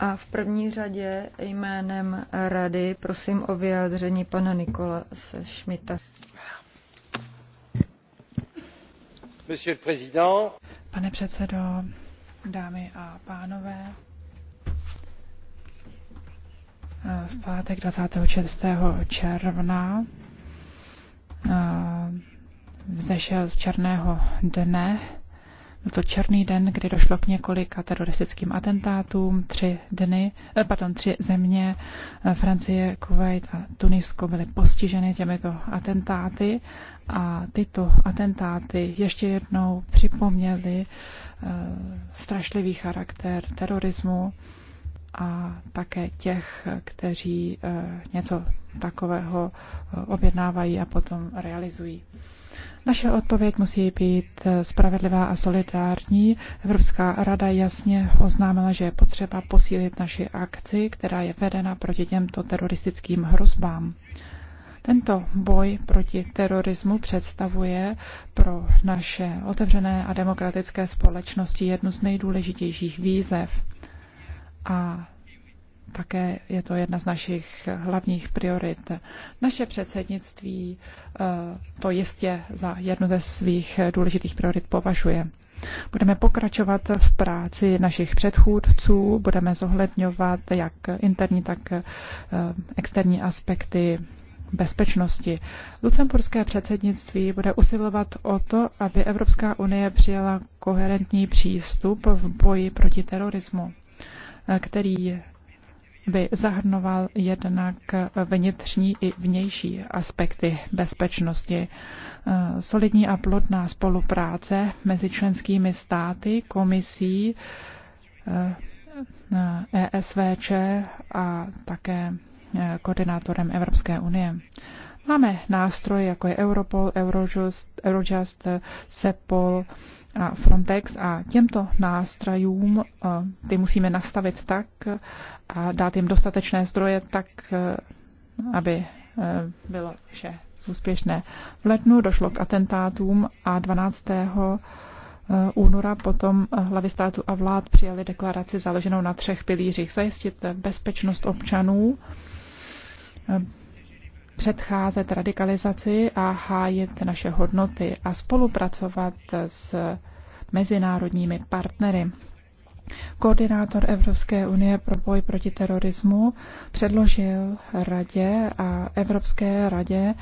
A v první řadě jménem rady prosím o vyjádření pana Nikola se šmita. Pane předsedo, dámy a pánové, v pátek 26. června eh, vzešel z černého dne byl to černý den, kdy došlo k několika teroristickým atentátům. Tři, dny, eh, pardon, tři země, eh, Francie, Kuwait a Tunisko, byly postiženy těmito atentáty a tyto atentáty ještě jednou připomněly eh, strašlivý charakter terorismu a také těch, kteří eh, něco takového eh, objednávají a potom realizují. Naše odpověď musí být eh, spravedlivá a solidární. Evropská rada jasně oznámila, že je potřeba posílit naši akci, která je vedena proti těmto teroristickým hrozbám. Tento boj proti terorismu představuje pro naše otevřené a demokratické společnosti jednu z nejdůležitějších výzev a také je to jedna z našich hlavních priorit. Naše předsednictví eh, to jistě za jednu ze svých důležitých priorit považuje. Budeme pokračovat v práci našich předchůdců, budeme zohledňovat jak interní, tak eh, externí aspekty bezpečnosti. Lucemburské předsednictví bude usilovat o to, aby Evropská unie přijala koherentní přístup v boji proti terorismu který by zahrnoval jednak vnitřní i vnější aspekty bezpečnosti. E, solidní a plodná spolupráce mezi členskými státy, komisí, ESVČ e, e a také koordinátorem Evropské unie. Máme nástroje, jako je Europol, Eurojust, Eurojust, SEPOL, a Frontex a těmto nástrojům eh, ty musíme nastavit tak a dát jim dostatečné zdroje tak, eh, aby eh, bylo vše úspěšné. V letnu došlo k atentátům a 12. února potom hlavy státu a vlád přijali deklaraci založenou na třech pilířích. Zajistit bezpečnost občanů, předcházet radikalizaci a hájit naše hodnoty a spolupracovat s mezinárodními partnery. Koordinátor Evropské unie pro boj proti terorismu předložil Radě a Evropské radě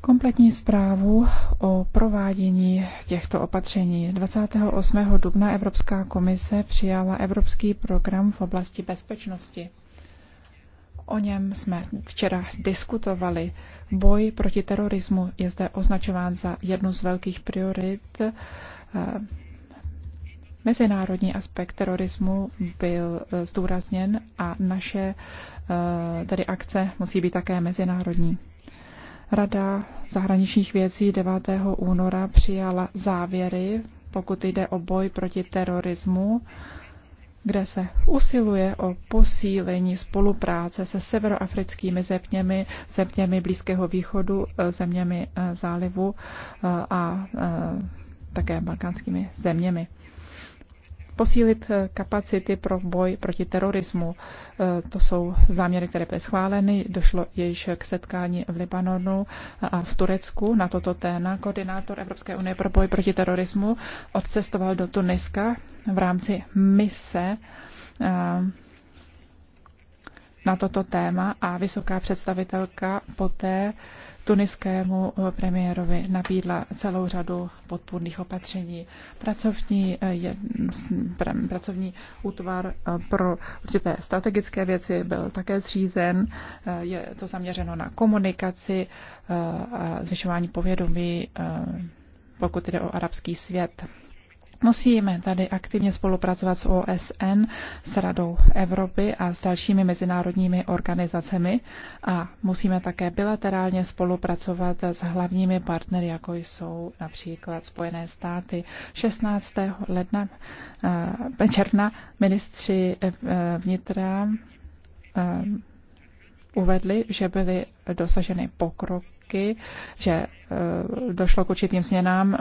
kompletní zprávu o provádění těchto opatření. 28. dubna Evropská komise přijala Evropský program v oblasti bezpečnosti. O něm jsme včera diskutovali. Boj proti terorismu je zde označován za jednu z velkých priorit. Eh, mezinárodní aspekt terorismu byl eh, zdůrazněn a naše eh, tedy akce musí být také mezinárodní. Rada zahraničních věcí 9. února přijala závěry, pokud jde o boj proti terorismu kde se usiluje o posílení spolupráce se severoafrickými zeměmi, zeměmi Blízkého východu, e, zeměmi e, zálivu e, a také balkánskými zeměmi posílit eh, kapacity pro boj proti terorismu. Eh, to jsou záměry, které byly schváleny. Došlo již k setkání v Libanonu a v Turecku na toto téma. Koordinátor Evropské unie pro boj proti terorismu odcestoval do Tuniska v rámci mise eh, na toto téma a vysoká představitelka poté tuniskému eh, premiérovi nabídla celou řadu podpůrných opatření. Pracovní, eh, je, pracovní útvar eh, pro určité strategické věci byl také zřízen. Je to zaměřeno na komunikaci a zvyšování povědomí, pokud jde o arabský svět. Musíme tady aktivně spolupracovat s OSN, s Radou Evropy a s dalšími mezinárodními organizacemi a musíme také bilaterálně spolupracovat s hlavními partnery, jako jsou například Spojené státy. 16. ledna, eh, června ministři eh, vnitra eh, uvedli, že byly dosaženy pokroky, že došlo k určitým změnám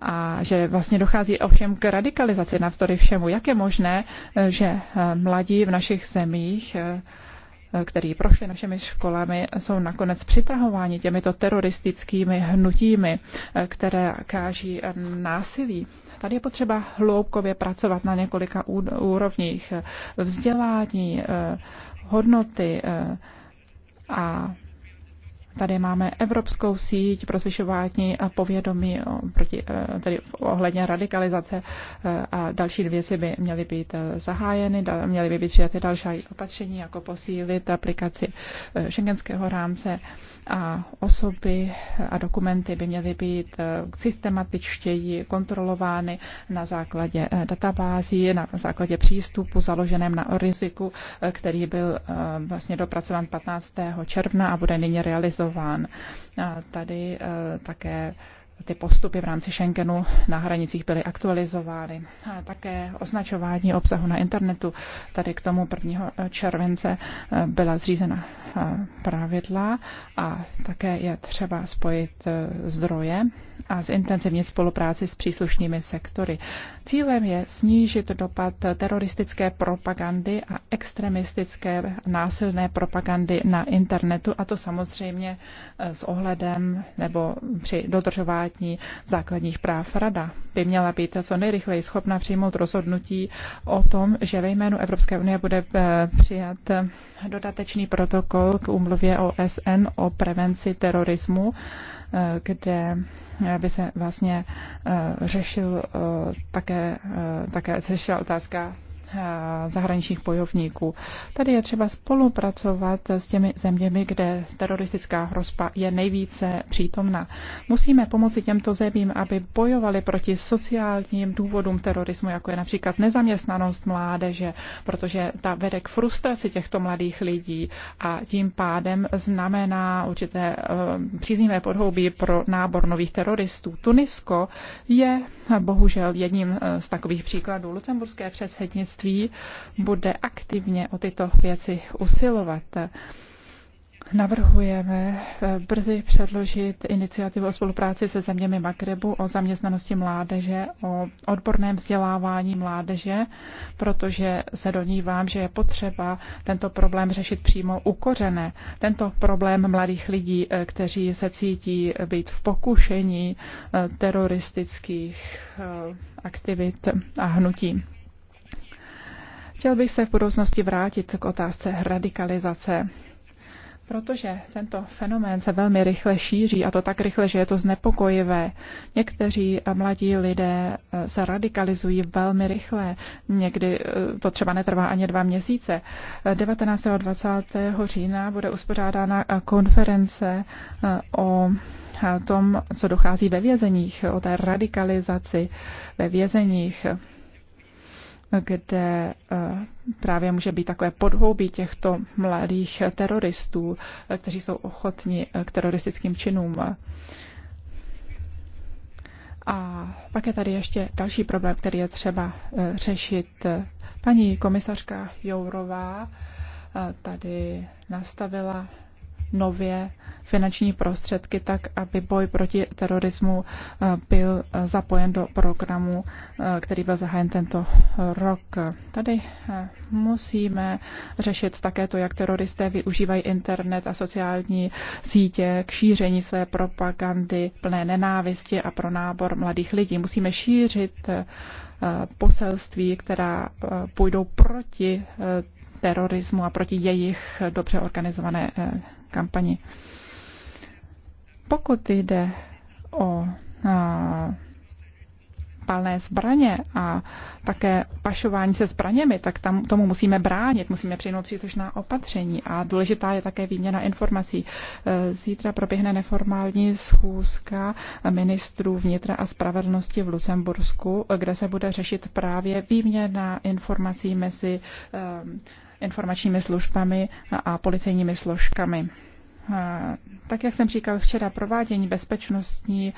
a že vlastně dochází ovšem k radikalizaci navzdory všemu. Jak je možné, že eh, mladí v našich zemích eh, který prošli našimi školami, jsou nakonec přitahováni těmito teroristickými hnutími, eh, které káží násilí. Tady je potřeba hloubkově pracovat na několika úrovních vzdělání, hodnoty a Tady máme Evropskou síť pro zvyšování povědomí proti, eh, tedy ohledně radikalizace eh, a další věci by měly být eh, zahájeny, měly by být přijaty další opatření, jako posílit aplikaci šengenského rámce a osoby a dokumenty by měly být systematičtěji kontrolovány na základě databází, na základě přístupu založeném na riziku, který byl vlastně dopracován 15. června a bude nyní realizován prosazován. Tady eh, také ty postupy v rámci Schengenu na hranicích byly aktualizovány. A také označování obsahu na internetu. Tady k tomu 1. července eh, byla zřízena eh, pravidla a také je třeba spojit eh, zdroje a zintenzivnit spolupráci s příslušnými sektory. Cílem je snížit dopad teroristické propagandy a extremistické násilné propagandy na internetu a to samozřejmě s ohledem nebo při dodržování Státní základních práv rada by měla být co nejrychleji schopna přijmout rozhodnutí o tom, že ve jménu Evropské unie bude eh, přijat dodatečný protokol k úmluvě OSN o prevenci terorismu, eh, kde by se vlastně eh, řešil také, také řešila otázka zahraničních bojovníků. Tady je třeba spolupracovat s těmi zeměmi, kde teroristická hrozba je nejvíce přítomna. Musíme pomoci těmto zemím, aby bojovali proti sociálním důvodům terorismu, jako je například nezaměstnanost mládeže, protože ta vede k frustraci těchto mladých lidí a tím pádem znamená určité e, příznivé podhoubí pro nábor nových teroristů. Tunisko je bohužel jedním e, z takových příkladů. Lucemburské předsednictví předsednictví bude aktivně o tyto věci usilovat. Navrhujeme eh, brzy předložit iniciativu o spolupráci se zeměmi Magrebu o zaměstnanosti mládeže, o odborném vzdělávání mládeže, protože se donívám, že je potřeba tento problém řešit přímo kořené. Tento problém mladých lidí, eh, kteří se cítí být v pokušení eh, teroristických aktivit a hnutí. Chtěl bych se v budoucnosti vrátit k otázce radikalizace. Protože tento fenomén se velmi rychle šíří a to tak rychle, že je to znepokojivé. Někteří mladí lidé eh, se radikalizují velmi rychle, někdy eh, to třeba netrvá ani dva měsíce. 19. Eh, a 20. října bude uspořádána konference o tom, co dochází ve vězeních, o té radikalizaci ve vězeních kde eh, právě může být takové podhoubí těchto mladých teroristů, eh, kteří jsou ochotni eh, k teroristickým činům. A pak je tady ještě další problém, který je třeba řešit. Paní komisařka Jourová tady nastavila nově finanční prostředky tak, aby boj proti terorismu eh, byl eh, zapojen do programu, eh, který byl zahájen tento rok. Tady musíme řešit také to, jak teroristé využívají internet a sociální sítě k šíření své propagandy plné nenávisti a pro nábor mladých lidí. Musíme šířit poselství, která půjdou proti terorismu a proti jejich dobře organizované eh, kampani. Pokud jde o eh, palné zbraně a také pašování se zbraněmi, tak tam tomu musíme bránit, musíme přijmout příslušná opatření a důležitá je také výměna informací. Eh, zítra proběhne neformální schůzka ministrů vnitra a spravedlnosti v Lucembursku, kde se bude řešit právě výměna informací mezi informačními službami a policejními složkami. Tak, jak jsem říkal včera, provádění bezpečnostní e,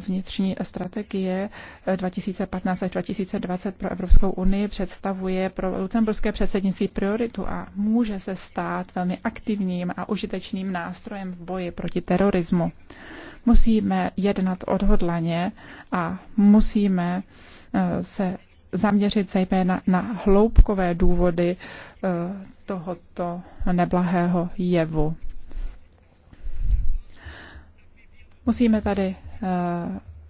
vnitřní strategie 2015 e, až 2020 pro Evropskou unii představuje pro lucemburské předsednictví prioritu a může se stát velmi aktivním a užitečným nástrojem v boji proti terorismu. Musíme jednat odhodlaně a musíme e, se zaměřit zejména na hloubkové důvody eh, tohoto neblahého jevu. Musíme tady eh,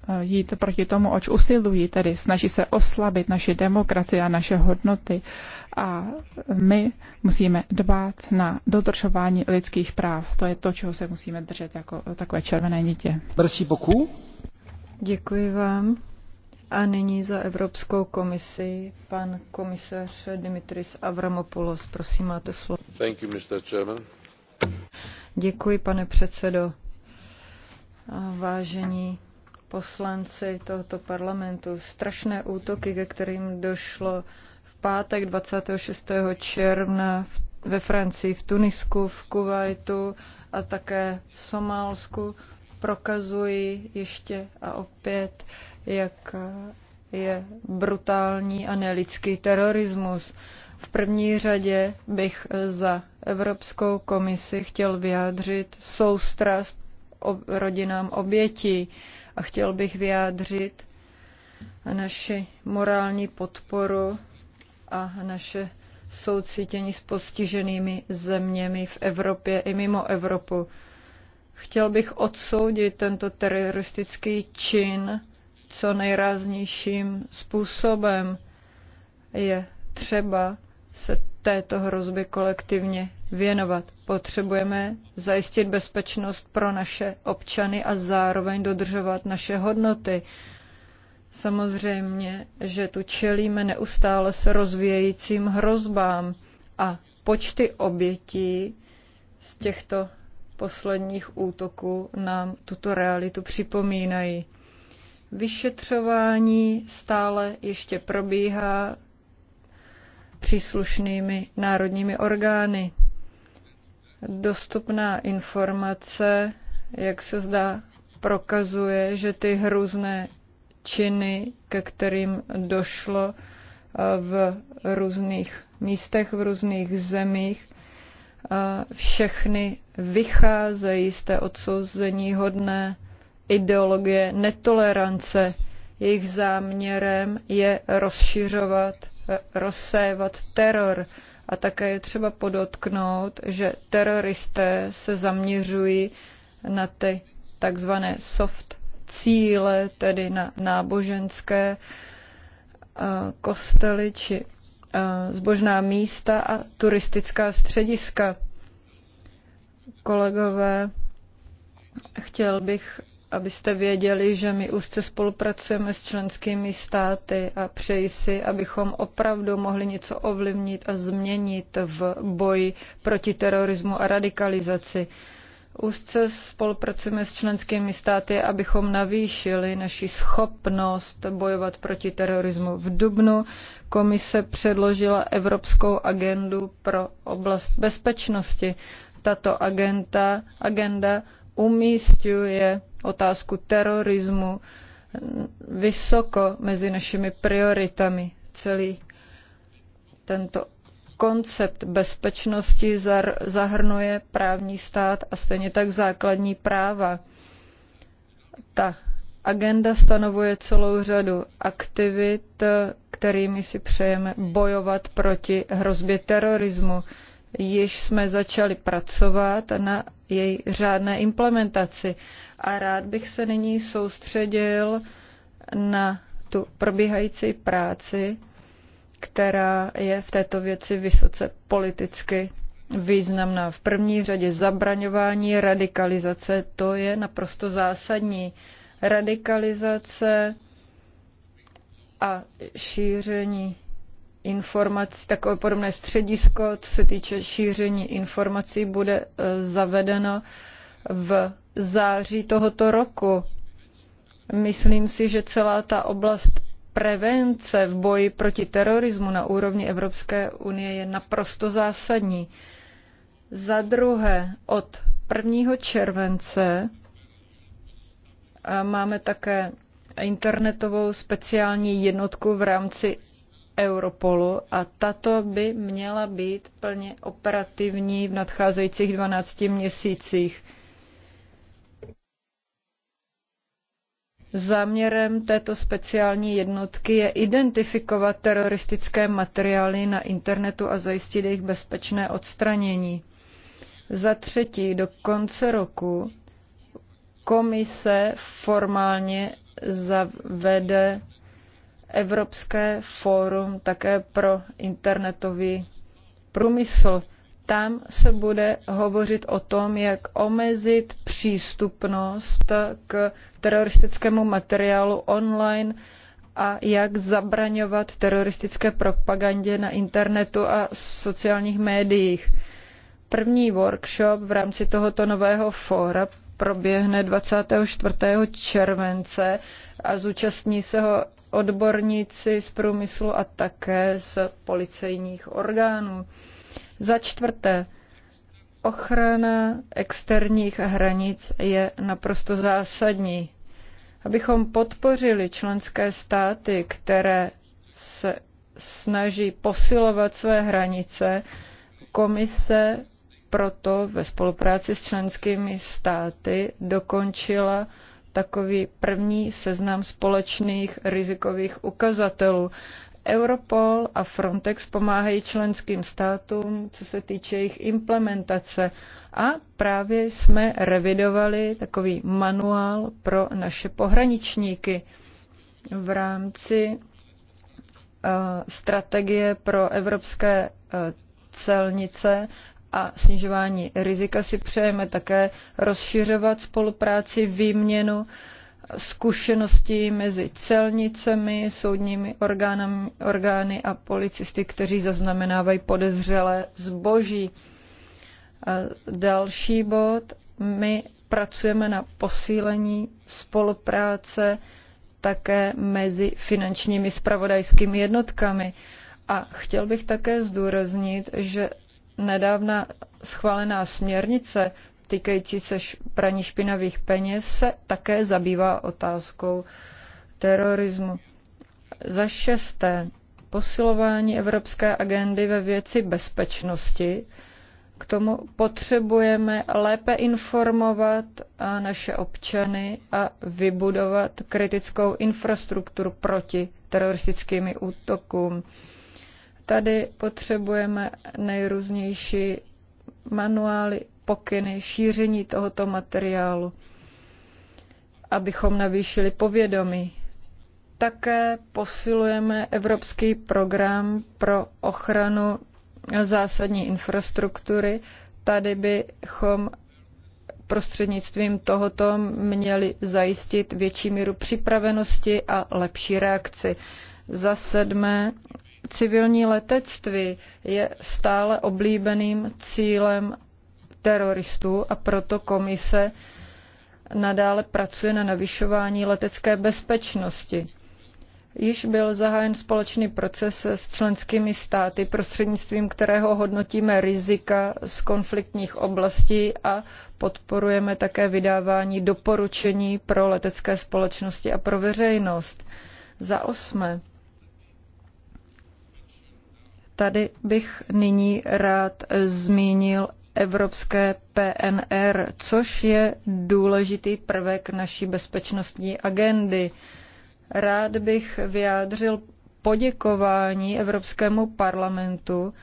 eh, jít proti tomu, oč usilují, tedy snaží se oslabit naši demokracii a naše hodnoty. A my musíme dbát na dodržování lidských práv. To je to, čeho se musíme držet jako takové červené nitě. Merci beaucoup. Děkuji vám. A nyní za Evropskou komisi pan komisař Dimitris Avramopoulos. Prosím, máte slovo. Thank you, Mr. Chairman. Děkuji, pane předsedo. A vážení poslanci tohoto parlamentu, strašné útoky, ke kterým došlo v pátek 26. června ve Francii, v Tunisku, v Kuwaitu a také v Somálsku, prokazují ještě a opět, jak je brutální a nelidský terorismus. V první řadě bych za Evropskou komisi chtěl vyjádřit soustrast rodinám obětí a chtěl bych vyjádřit naši morální podporu a naše soucítění s postiženými zeměmi v Evropě i mimo Evropu. Chtěl bych odsoudit tento teroristický čin co nejráznějším způsobem. Je třeba se této hrozby kolektivně věnovat. Potřebujeme zajistit bezpečnost pro naše občany a zároveň dodržovat naše hodnoty. Samozřejmě, že tu čelíme neustále se rozvíjejícím hrozbám a počty obětí z těchto posledních útoků nám tuto realitu připomínají. Vyšetřování stále ještě probíhá příslušnými národními orgány. Dostupná informace, jak se zdá, prokazuje, že ty hrůzné činy, ke kterým došlo eh, v různých místech, v různých zemích, eh, všechny vycházejí z té odsouzení hodné ideologie netolerance. Jejich záměrem je rozšiřovat, rozsévat teror. A také je třeba podotknout, že teroristé se zaměřují na ty takzvané soft cíle, tedy na náboženské eh, kostely či eh, zbožná místa a turistická střediska. Kolegové, chtěl bych abyste věděli, že my úzce spolupracujeme s členskými státy a přeji si, abychom opravdu mohli něco ovlivnit a změnit v boji proti terorismu a radikalizaci. Úzce spolupracujeme s členskými státy, abychom navýšili naši schopnost bojovat proti terorismu. V Dubnu komise předložila Evropskou agendu pro oblast bezpečnosti. Tato agenda, agenda umístuje otázku terorismu vysoko mezi našimi prioritami. Celý tento koncept bezpečnosti zahrnuje právní stát a stejně tak základní práva. Ta agenda stanovuje celou řadu aktivit, kterými si přejeme bojovat proti hrozbě terorismu již jsme začali pracovat na její řádné implementaci. A rád bych se nyní soustředil na tu probíhající práci, která je v této věci vysoce politicky významná. V první řadě zabraňování radikalizace, to je naprosto zásadní. Radikalizace a šíření informací, takové podobné středisko, co se týče šíření informací, bude e, zavedeno v září tohoto roku. Myslím si, že celá ta oblast prevence v boji proti terorismu na úrovni Evropské unie je naprosto zásadní. Za druhé, od 1. července e, máme také internetovou speciální jednotku v rámci Europolu a tato by měla být plně operativní v nadcházejících 12 měsících. Záměrem této speciální jednotky je identifikovat teroristické materiály na internetu a zajistit jejich bezpečné odstranění. Za třetí, do konce roku komise formálně zavede Evropské fórum také pro internetový průmysl. Tam se bude hovořit o tom, jak omezit přístupnost k teroristickému materiálu online a jak zabraňovat teroristické propagandě na internetu a sociálních médiích. První workshop v rámci tohoto nového fóra proběhne 24. července a zúčastní se ho odborníci z průmyslu a také z policejních orgánů. Za čtvrté, ochrana externích hranic je naprosto zásadní. Abychom podpořili členské státy, které se snaží posilovat své hranice, komise proto ve spolupráci s členskými státy dokončila takový první seznam společných rizikových ukazatelů. Europol a Frontex pomáhají členským státům, co se týče jejich implementace. A právě jsme revidovali takový manuál pro naše pohraničníky v rámci eh, strategie pro evropské eh, celnice a snižování rizika si přejeme také rozšiřovat spolupráci, výměnu zkušeností mezi celnicemi, soudními orgány, orgány a policisty, kteří zaznamenávají podezřelé zboží. A další bod. My pracujeme na posílení spolupráce také mezi finančními spravodajskými jednotkami. A chtěl bych také zdůraznit, že nedávna schválená směrnice týkající se praní špinavých peněz se také zabývá otázkou terorismu. Za šesté, posilování evropské agendy ve věci bezpečnosti. K tomu potřebujeme lépe informovat naše občany a vybudovat kritickou infrastrukturu proti teroristickými útokům. Tady potřebujeme nejrůznější manuály, pokyny, šíření tohoto materiálu, abychom navýšili povědomí. Také posilujeme evropský program pro ochranu zásadní infrastruktury. Tady bychom prostřednictvím tohoto měli zajistit větší míru připravenosti a lepší reakci. Za sedmé civilní letectví je stále oblíbeným cílem teroristů a proto komise nadále pracuje na navyšování letecké bezpečnosti. Již byl zahájen společný proces s členskými státy, prostřednictvím kterého hodnotíme rizika z konfliktních oblastí a podporujeme také vydávání doporučení pro letecké společnosti a pro veřejnost. Za osmé, Tady bych nyní rád zmínil evropské PNR, což je důležitý prvek naší bezpečnostní agendy. Rád bych vyjádřil poděkování Evropskému parlamentu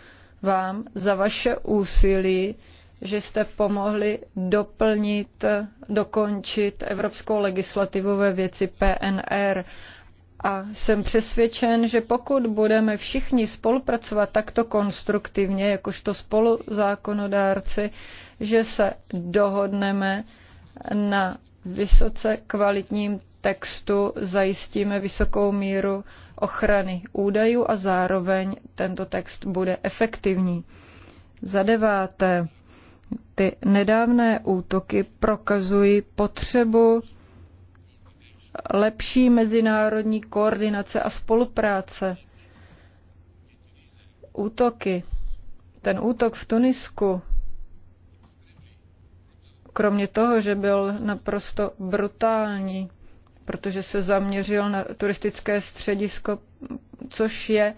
vám za vaše úsilí, že jste pomohli doplnit, dokončit evropskou legislativu ve věci PNR a jsem přesvědčen, že pokud budeme všichni spolupracovat takto konstruktivně, jakožto spoluzákonodárci, že se dohodneme na vysoce kvalitním textu, zajistíme vysokou míru ochrany údajů a zároveň tento text bude efektivní. Za deváté, ty nedávné útoky prokazují potřebu lepší mezinárodní koordinace a spolupráce. Útoky. Ten útok v Tunisku, kromě toho, že byl naprosto brutální, protože se zaměřil na turistické středisko, což je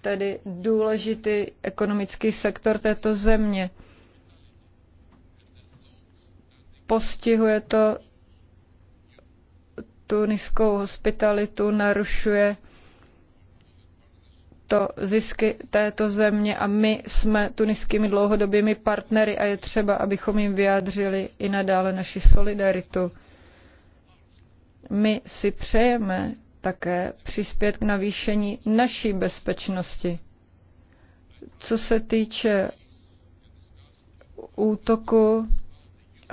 tedy důležitý ekonomický sektor této země. Postihuje to tu nízkou hospitalitu narušuje to zisky této země a my jsme tuniskými dlouhodobými partnery a je třeba, abychom jim vyjádřili i nadále naši solidaritu. My si přejeme také přispět k navýšení naší bezpečnosti. Co se týče útoku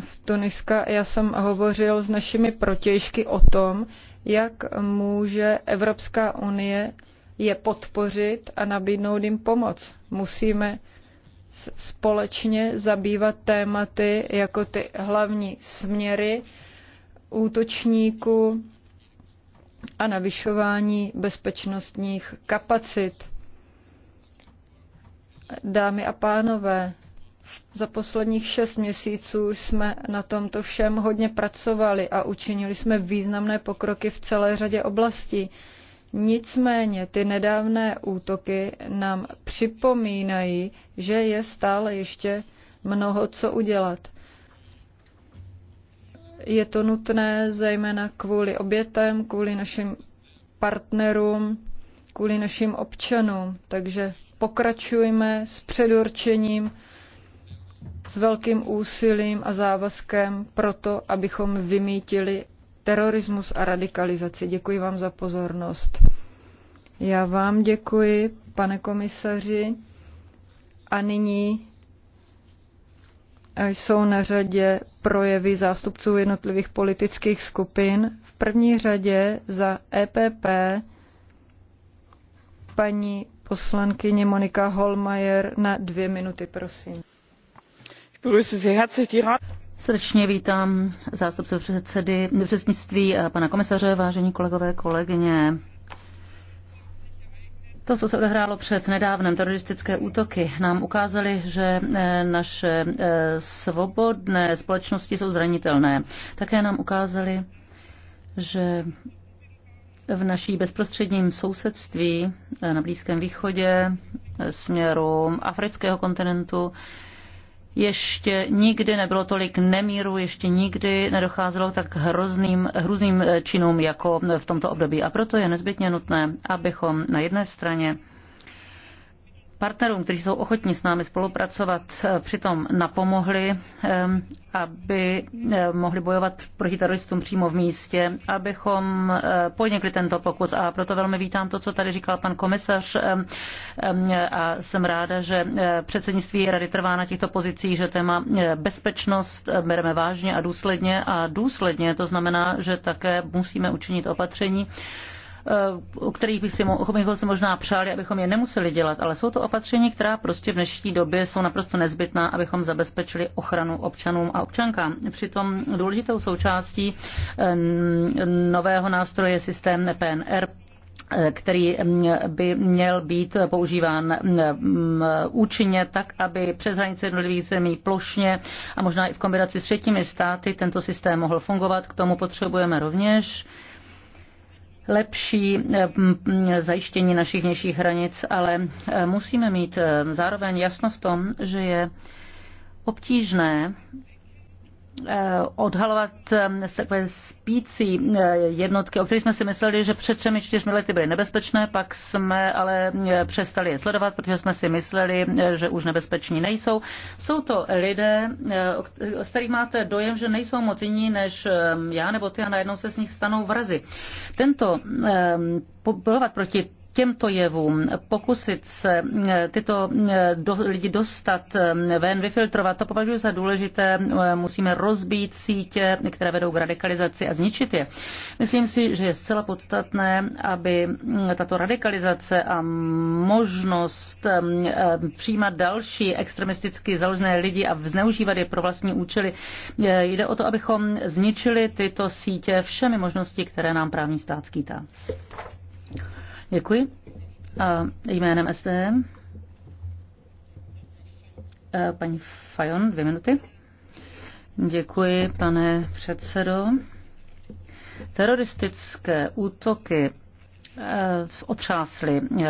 v Tuniska já jsem hovořil s našimi protějšky o tom, jak může Evropská unie je podpořit a nabídnout jim pomoc. Musíme společně zabývat tématy jako ty hlavní směry útočníků a navyšování bezpečnostních kapacit. Dámy a pánové, za posledních šest měsíců jsme na tomto všem hodně pracovali a učinili jsme významné pokroky v celé řadě oblastí. Nicméně ty nedávné útoky nám připomínají, že je stále ještě mnoho co udělat. Je to nutné zejména kvůli obětem, kvůli našim partnerům, kvůli našim občanům. Takže pokračujme s předurčením s velkým úsilím a závazkem proto, abychom vymítili terorismus a radikalizaci. Děkuji vám za pozornost. Já vám děkuji, pane komisaři. A nyní eh, jsou na řadě projevy zástupců jednotlivých politických skupin. V první řadě za EPP paní poslankyně Monika Holmajer na dvě minuty, prosím. Srdečně vítám zástupce předsedy předsednictví a eh, pana komisaře, vážení kolegové, kolegyně. To, co se odehrálo před nedávnem, teroristické útoky, nám ukázaly, že eh, naše eh, svobodné společnosti jsou zranitelné. Také nám ukázali, že v naší bezprostředním sousedství na Blízkém východě, směru afrického kontinentu, ještě nikdy nebylo tolik nemíru, ještě nikdy nedocházelo tak hrozným, hrozným eh, činům jako v tomto období. A proto je nezbytně nutné, abychom na jedné straně partnerům, kteří jsou ochotní s námi spolupracovat, eh, přitom napomohli, eh, aby eh, mohli bojovat proti teroristům přímo v místě, abychom podnikli tento pokus. A proto velmi vítám to, co tady říkal pan komisař a jsem ráda, že předsednictví rady trvá na těchto pozicích, že téma bezpečnost bereme vážně a důsledně a důsledně to znamená, že také musíme učinit opatření, o eh, kterých bych si, bychom si možná přáli, abychom je nemuseli dělat, ale jsou to opatření, která prostě v dnešní době jsou naprosto nezbytná, abychom zabezpečili ochranu občanům a občankám. Přitom důležitou součástí eh, nového nástroje je systém PNR, eh, který mm, by měl být používán mm, mm, účinně tak, aby přes hranice jednotlivých zemí plošně a možná i v kombinaci s třetími státy tento systém mohl fungovat. K tomu potřebujeme rovněž lepší mm, mm, zajištění našich vnějších hranic, ale eh, musíme mít eh, zároveň jasno v tom, že je obtížné Eh, odhalovat eh, takové spící eh, jednotky, o kterých jsme si mysleli, že před třemi čtyřmi lety byly nebezpečné, pak jsme ale přestali je sledovat, protože jsme si mysleli, že už nebezpeční nejsou. Jsou to lidé, o kterých máte dojem, že nejsou moc jiní než já nebo ty a najednou se z nich stanou vrazy. Tento bojovat proti těmto jevům, pokusit se eh, tyto eh, do, lidi dostat eh, ven, vyfiltrovat, to považuji za důležité. Musíme rozbít sítě, které vedou k radikalizaci a zničit je. Myslím si, že je zcela podstatné, aby tato radikalizace a možnost přijímat další extremisticky založené lidi a zneužívat je pro vlastní účely, jde o to, abychom zničili tyto sítě všemi možnosti, které nám právní stát skýtá. Děkuji. A jménem SD e, paní Fajon, dvě minuty. Děkuji, pane předsedo. Teroristické útoky Eh, otřásly eh,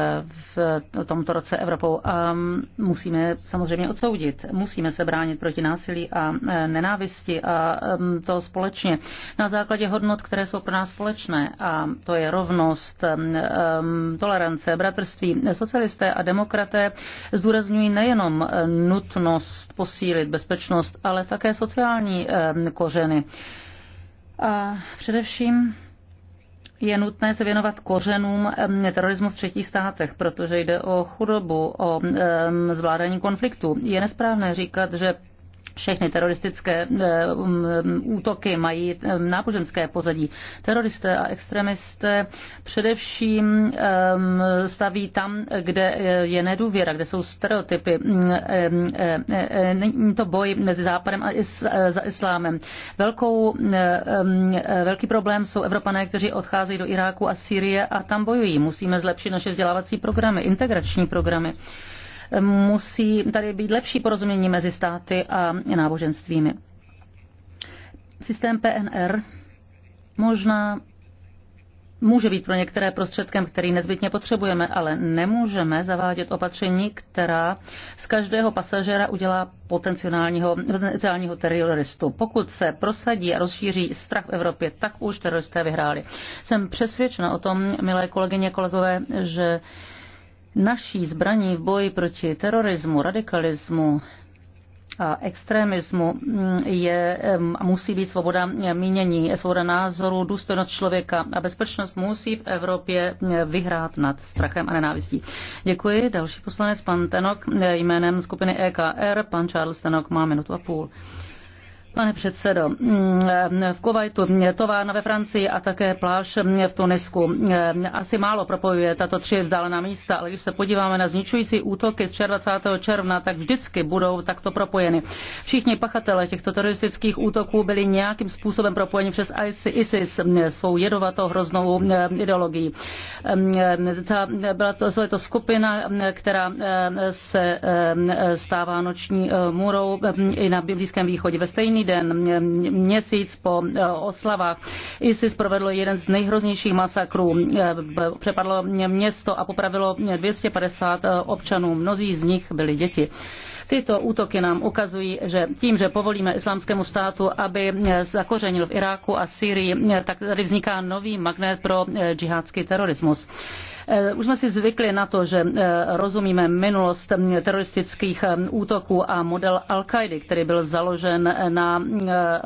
v tomto roce Evropou a mm, musíme samozřejmě odsoudit. Musíme se bránit proti násilí a eh, nenávisti a mm, to společně na základě hodnot, které jsou pro nás společné a to je rovnost, mm, tolerance, bratrství. Socialisté a demokraté zdůrazňují nejenom nutnost posílit bezpečnost, ale také sociální kořeny. A především je nutné se věnovat kořenům terorismu v třetích státech, protože jde o chudobu, o zvládání konfliktu. Je nesprávné říkat, že všechny teroristické eh, um, um, útoky mají um, náboženské pozadí. Teroristé a extremisté především staví tam, kde je nedůvěra, kde jsou stereotypy. Mm, eh, eh, není to boj mezi Západem a za islámem. Velkou, velký problém jsou Evropané, kteří odcházejí do Iráku a Sýrie a tam bojují. Musíme zlepšit naše vzdělávací programy, integrační programy musí tady být lepší porozumění mezi státy a náboženstvími. Systém PNR možná může být pro některé prostředkem, který nezbytně potřebujeme, ale nemůžeme zavádět opatření, která z každého pasažéra udělá potenciálního, potenciálního teroristu. Pokud se prosadí a rozšíří strach v Evropě, tak už teroristé vyhráli. Jsem přesvědčena o tom, milé kolegyně, kolegové, že naší zbraní v boji proti terorismu, radikalismu, a extremismu mm, je, musí být svoboda mínění, svoboda názoru, důstojnost člověka a bezpečnost musí v Evropě vyhrát nad strachem a nenávistí. Děkuji. Další poslanec, pan Tenok, jménem skupiny EKR, pan Charles Tenok má minutu a půl. Pane předsedo, mm, v Kuwaitu továrna ve Francii a také pláž v Tunisku. Mm, asi málo propojuje tato tři vzdálená místa, ale když se podíváme na zničující útoky z 24. června, tak vždycky budou takto propojeny. Všichni pachatele těchto teroristických útoků byli nějakým způsobem propojeni přes ISIS, svou jedovatou hroznou mm, ideologií. Ta, byla to, to je to skupina, která se stává noční můrou i na Blízkém východě. Ve stejný týden, měsíc po eh, oslavách, ISIS provedlo jeden z nejhroznějších masakrů. Eh, přepadlo město a popravilo 250 eh, občanů. Mnozí z nich byli děti. Tyto útoky nám ukazují, že tím, že povolíme islámskému státu, aby zakořenil v Iráku a Syrii, tak tady vzniká nový magnet pro džihádský terorismus. Eh, už jsme si zvykli na to, že eh, rozumíme minulost teroristických eh, útoků a model Al-Kaidi, který byl založen na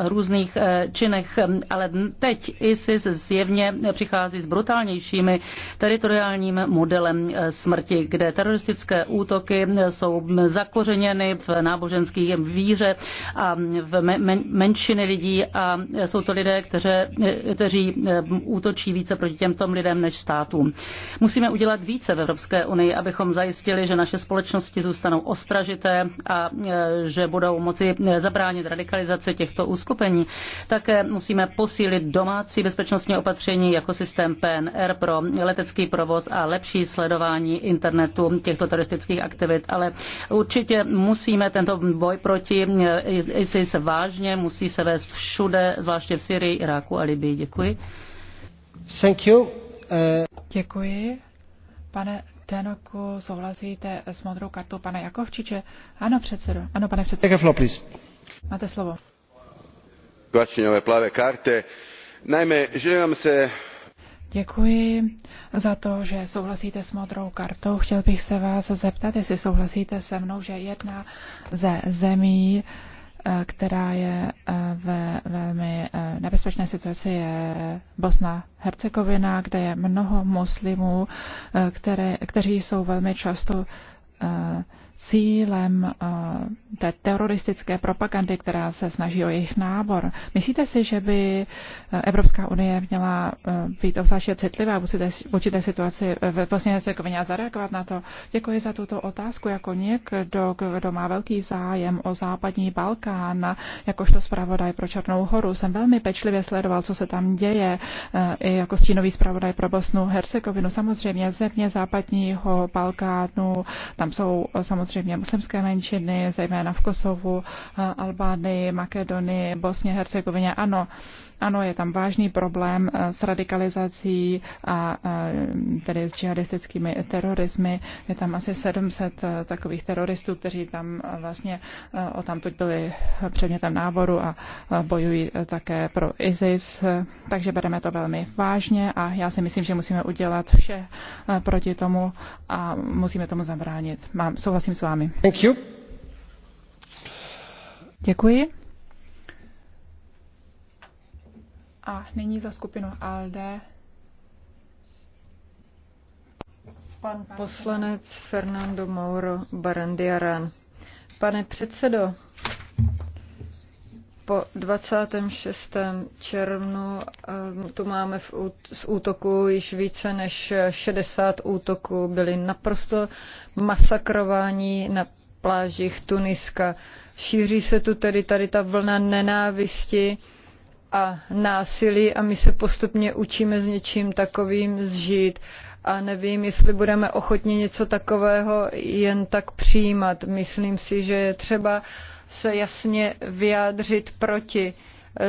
různých činech, ale teď ISIS zjevně přichází s brutálnějšími teritoriálním modelem smrti, kde teroristické útoky jsou zakořeněny v náboženské víře a v menšiny lidí a jsou to lidé, kteří, kteří útočí více proti těmto lidem než státům. Musíme udělat více v Evropské unii, abychom zajistili, že naše společnosti zůstanou ostražité a e, že budou moci e, zabránit radikalizaci těchto úskupení. Také musíme posílit domácí bezpečnostní opatření jako systém PNR pro letecký provoz a lepší sledování internetu těchto teroristických aktivit. Ale určitě musíme tento boj proti e, ISIS vážně, musí se vést všude, zvláště v Syrii, Iráku a Libii. Děkuji. Thank you. Uh... Děkuji. Pane Tenoku, souhlasíte s modrou kartou pana Jakovčiče? Ano, předsedo. Ano, pane předsedo. Máte slovo. Kvačňové plavé karty. Najmä, želim vám se Děkuji za to, že souhlasíte s modrou kartou. Chtěl bych se vás zeptat, jestli souhlasíte se mnou, že jedna ze zemí, Eh, která je eh, ve velmi eh, nebezpečné situaci, je Bosna Hercegovina, kde je mnoho muslimů, které, kteří jsou velmi často cílem eh, té teroristické propagandy, která se snaží o jejich nábor. Myslíte si, že by eh, Evropská unie měla eh, být obzvláště citlivá vlastně v určité situaci v vlastně Hercegovině a zareagovat na to? Děkuji za tuto otázku. Jako někdo, kdo má velký zájem o západní Balkán, jakožto zpravodaj pro Černou horu, jsem velmi pečlivě sledoval, co se tam děje, i jako stínový zpravodaj pro Bosnu Hercegovinu. Samozřejmě země západního Balkánu, tam jsou samozřejmě samozřejmě muslimské menšiny, zejména v Kosovu, eh, Albánii, Makedonii, Bosně, Hercegovině. Ano, ano, je tam vážný problém eh, s radikalizací a eh, tedy s džihadistickými terorismy. Je tam asi 700 eh, takových teroristů, kteří tam vlastně o tamtud byli předmětem náboru a bojují také pro ISIS. Takže bereme to velmi vážně a já si myslím, že musíme udělat vše proti tomu a musíme tomu zabránit. Mám, souhlasím s vámi. Thank you. Děkuji. A nyní za skupinu ALDE pan poslanec Fernando Mauro Barandiaran. Pane předsedo, po 26. červnu ehm, tu máme v, z útoku již více než 60 útoků. Byli naprosto masakrování na plážích Tuniska. Šíří se tu tedy tady ta vlna nenávisti a násilí a my se postupně učíme s něčím takovým zžít a nevím, jestli budeme ochotni něco takového jen tak přijímat. Myslím si, že je třeba se jasně vyjádřit proti uh,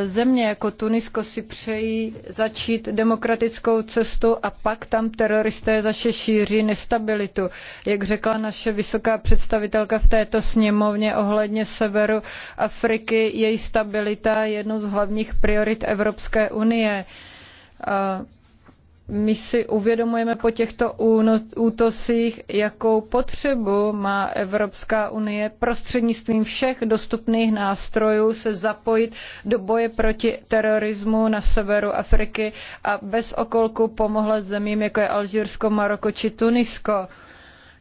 Země jako Tunisko si přejí začít demokratickou cestu a pak tam teroristé zase šíří nestabilitu. Jak řekla naše vysoká představitelka v této sněmovně ohledně severu Afriky, její stabilita je jednou z hlavních priorit Evropské unie. A my si uvědomujeme po těchto útosích, jakou potřebu má Evropská unie prostřednictvím všech dostupných nástrojů se zapojit do boje proti terorismu na severu Afriky a bez okolku pomohla zemím, jako je Alžírsko, Maroko či Tunisko.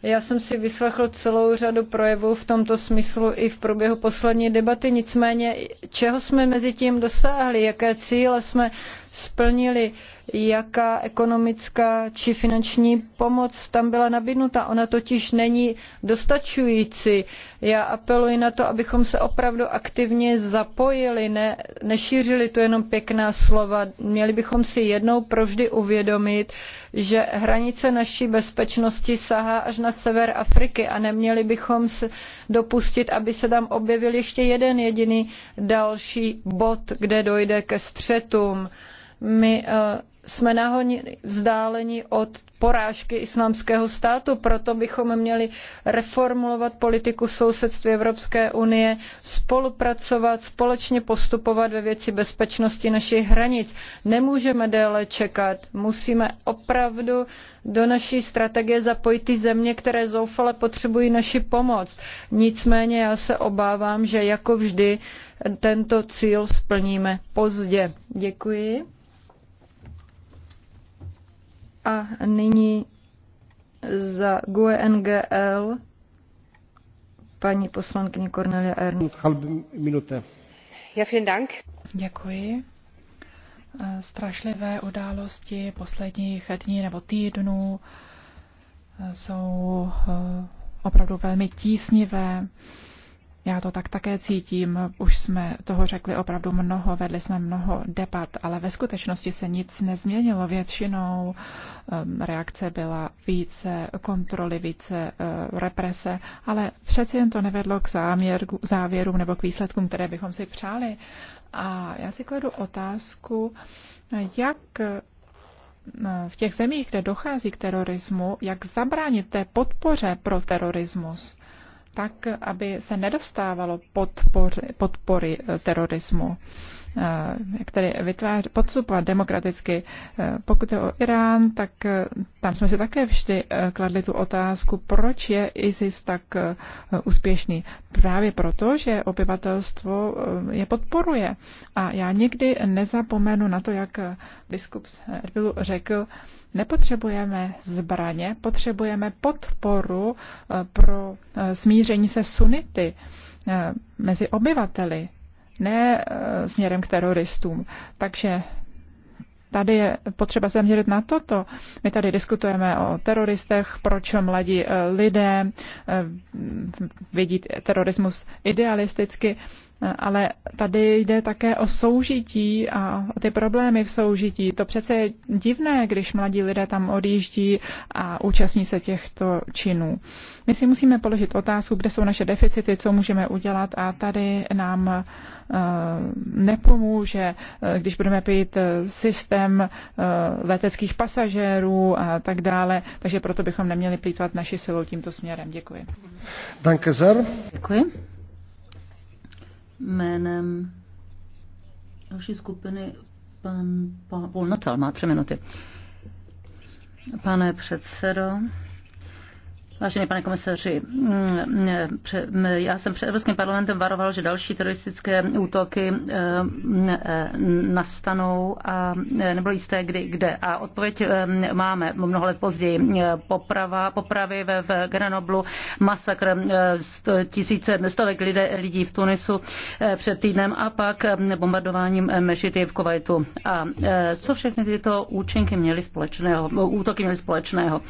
Já jsem si vyslechl celou řadu projevů v tomto smyslu i v průběhu poslední debaty, nicméně čeho jsme mezi tím dosáhli, jaké cíle jsme splnili, jaká ekonomická či finanční pomoc tam byla nabídnuta. Ona totiž není dostačující. Já apeluji na to, abychom se opravdu aktivně zapojili, ne, nešířili tu jenom pěkná slova. Měli bychom si jednou provždy uvědomit, že hranice naší bezpečnosti sahá až na sever Afriky a neměli bychom se dopustit, aby se tam objevil ještě jeden jediný další bod, kde dojde ke střetům. My eh, jsme nahoně vzdáleni od porážky islámského státu, proto bychom měli reformulovat politiku sousedství Evropské unie, spolupracovat, společně postupovat ve věci bezpečnosti našich hranic. Nemůžeme déle čekat, musíme opravdu do naší strategie zapojit ty země, které zoufale potřebují naši pomoc. Nicméně já se obávám, že jako vždy tento cíl splníme pozdě. Děkuji. A nyní za GUE NGL paní poslankyně Cornelia Ernst. Minute. Ja, vielen Dank. Děkuji. Eh, strašlivé události posledních dní nebo týdnů eh, jsou eh, opravdu velmi tísnivé. Já to tak také cítím, už jsme toho řekli opravdu mnoho, vedli jsme mnoho debat, ale ve skutečnosti se nic nezměnilo. Většinou ehm, reakce byla více kontroly, více eh, represe, ale přeci jen to nevedlo k záměru, závěrům nebo k výsledkům, které bychom si přáli. A já si kladu otázku, jak eh, v těch zemích, kde dochází k terorismu, jak zabránit té podpoře pro terorismus tak, aby se nedostávalo podpory, podpory eh, terorismu jak eh, tady vytvář, podstupovat demokraticky. Eh, pokud je o Irán, tak eh, tam jsme si také vždy kladli tu otázku, proč je ISIS tak úspěšný. Právě proto, že obyvatelstvo je podporuje. A já nikdy nezapomenu na to, jak biskup z Erbilu řekl, nepotřebujeme zbraně, potřebujeme podporu pro smíření se sunity mezi obyvateli ne eh, směrem k teroristům. Takže tady je potřeba zaměřit na toto. My tady diskutujeme o teroristech, proč mladí eh, lidé eh, vidí terorismus idealisticky ale tady jde také o soužití a o ty problémy v soužití. To přece je divné, když mladí lidé tam odjíždí a účastní se těchto činů. My si musíme položit otázku, kde jsou naše deficity, co můžeme udělat a tady nám eh, nepomůže, eh, když budeme pít eh, systém leteckých pasažérů a tak dále, takže proto bychom neměli plýtvat naši silou tímto směrem. Děkuji. Danke sehr. Děkuji jménem další skupiny pan Paul Natal má tři minuty. Pane předsedo, Vážený pane komisaři, mm, mm, mm, já jsem před Evropským parlamentem varoval, že další teroristické útoky nastanou a nebylo jisté, kdy, kde. A odpověď máme mnoho let později. Poprava, popravy ve v Grenoblu, masakr tisíce, stovek lidé, lidí v Tunisu před týdnem a pak bombardováním mešity v Kuwaitu. A co všechny tyto účinky měly společného, útoky měly společného?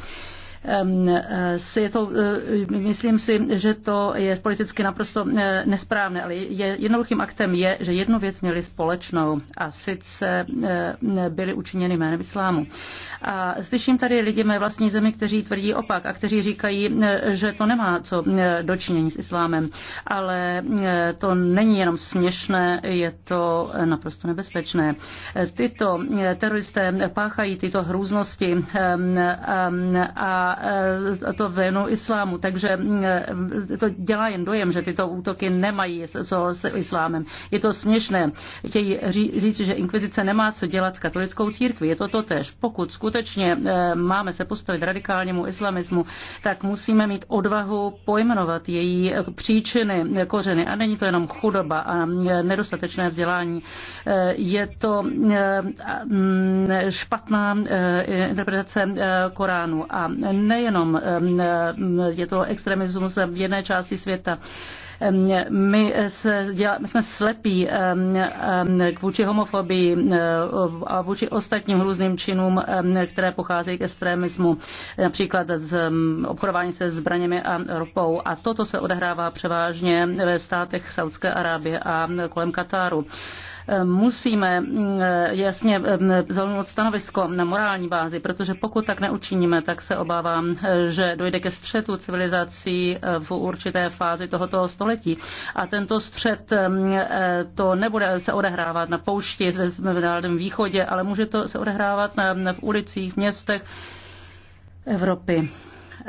Eh, si to, eh, myslím si, že to je politicky naprosto eh, nesprávné, ale je, jednoduchým aktem je, že jednu věc měli společnou a sice byly učiněny jménem islámu. A slyším tady lidi mé vlastní zemi, kteří tvrdí opak a kteří říkají, že to nemá co dočinění s islámem, ale to není jenom směšné, je to naprosto nebezpečné. Tyto teroristé páchají tyto hrůznosti a Eh, to věnu islámu. Takže mm, eh, to dělá jen dojem, že tyto útoky nemají co s islámem. Je to směšné. Chtějí říct, že inkvizice nemá co dělat s katolickou církví. Je to to tež. Pokud skutečně eh, máme se postavit radikálnímu islamismu, tak musíme mít odvahu pojmenovat její příčiny, kořeny. A není to jenom chudoba a mm, nedostatečné vzdělání. Je to mm, špatná interpretace Koránu a nejenom je to extremismus v jedné části světa. My, se děla, jsme slepí k vůči homofobii a vůči ostatním různým činům, které pocházejí k extremismu, například z obchodování se zbraněmi a ropou. A toto se odehrává převážně ve státech Saudské Arábie a kolem Kataru musíme eh, jasně eh, zaujmout stanovisko na morální bázi, protože pokud tak neučiníme, tak se obávám, eh, že dojde ke střetu civilizací v určité fázi tohoto století. A tento střet to nebude se odehrávat na poušti v Dálném východě, ale může to se odehrávat v ulicích, v městech Evropy.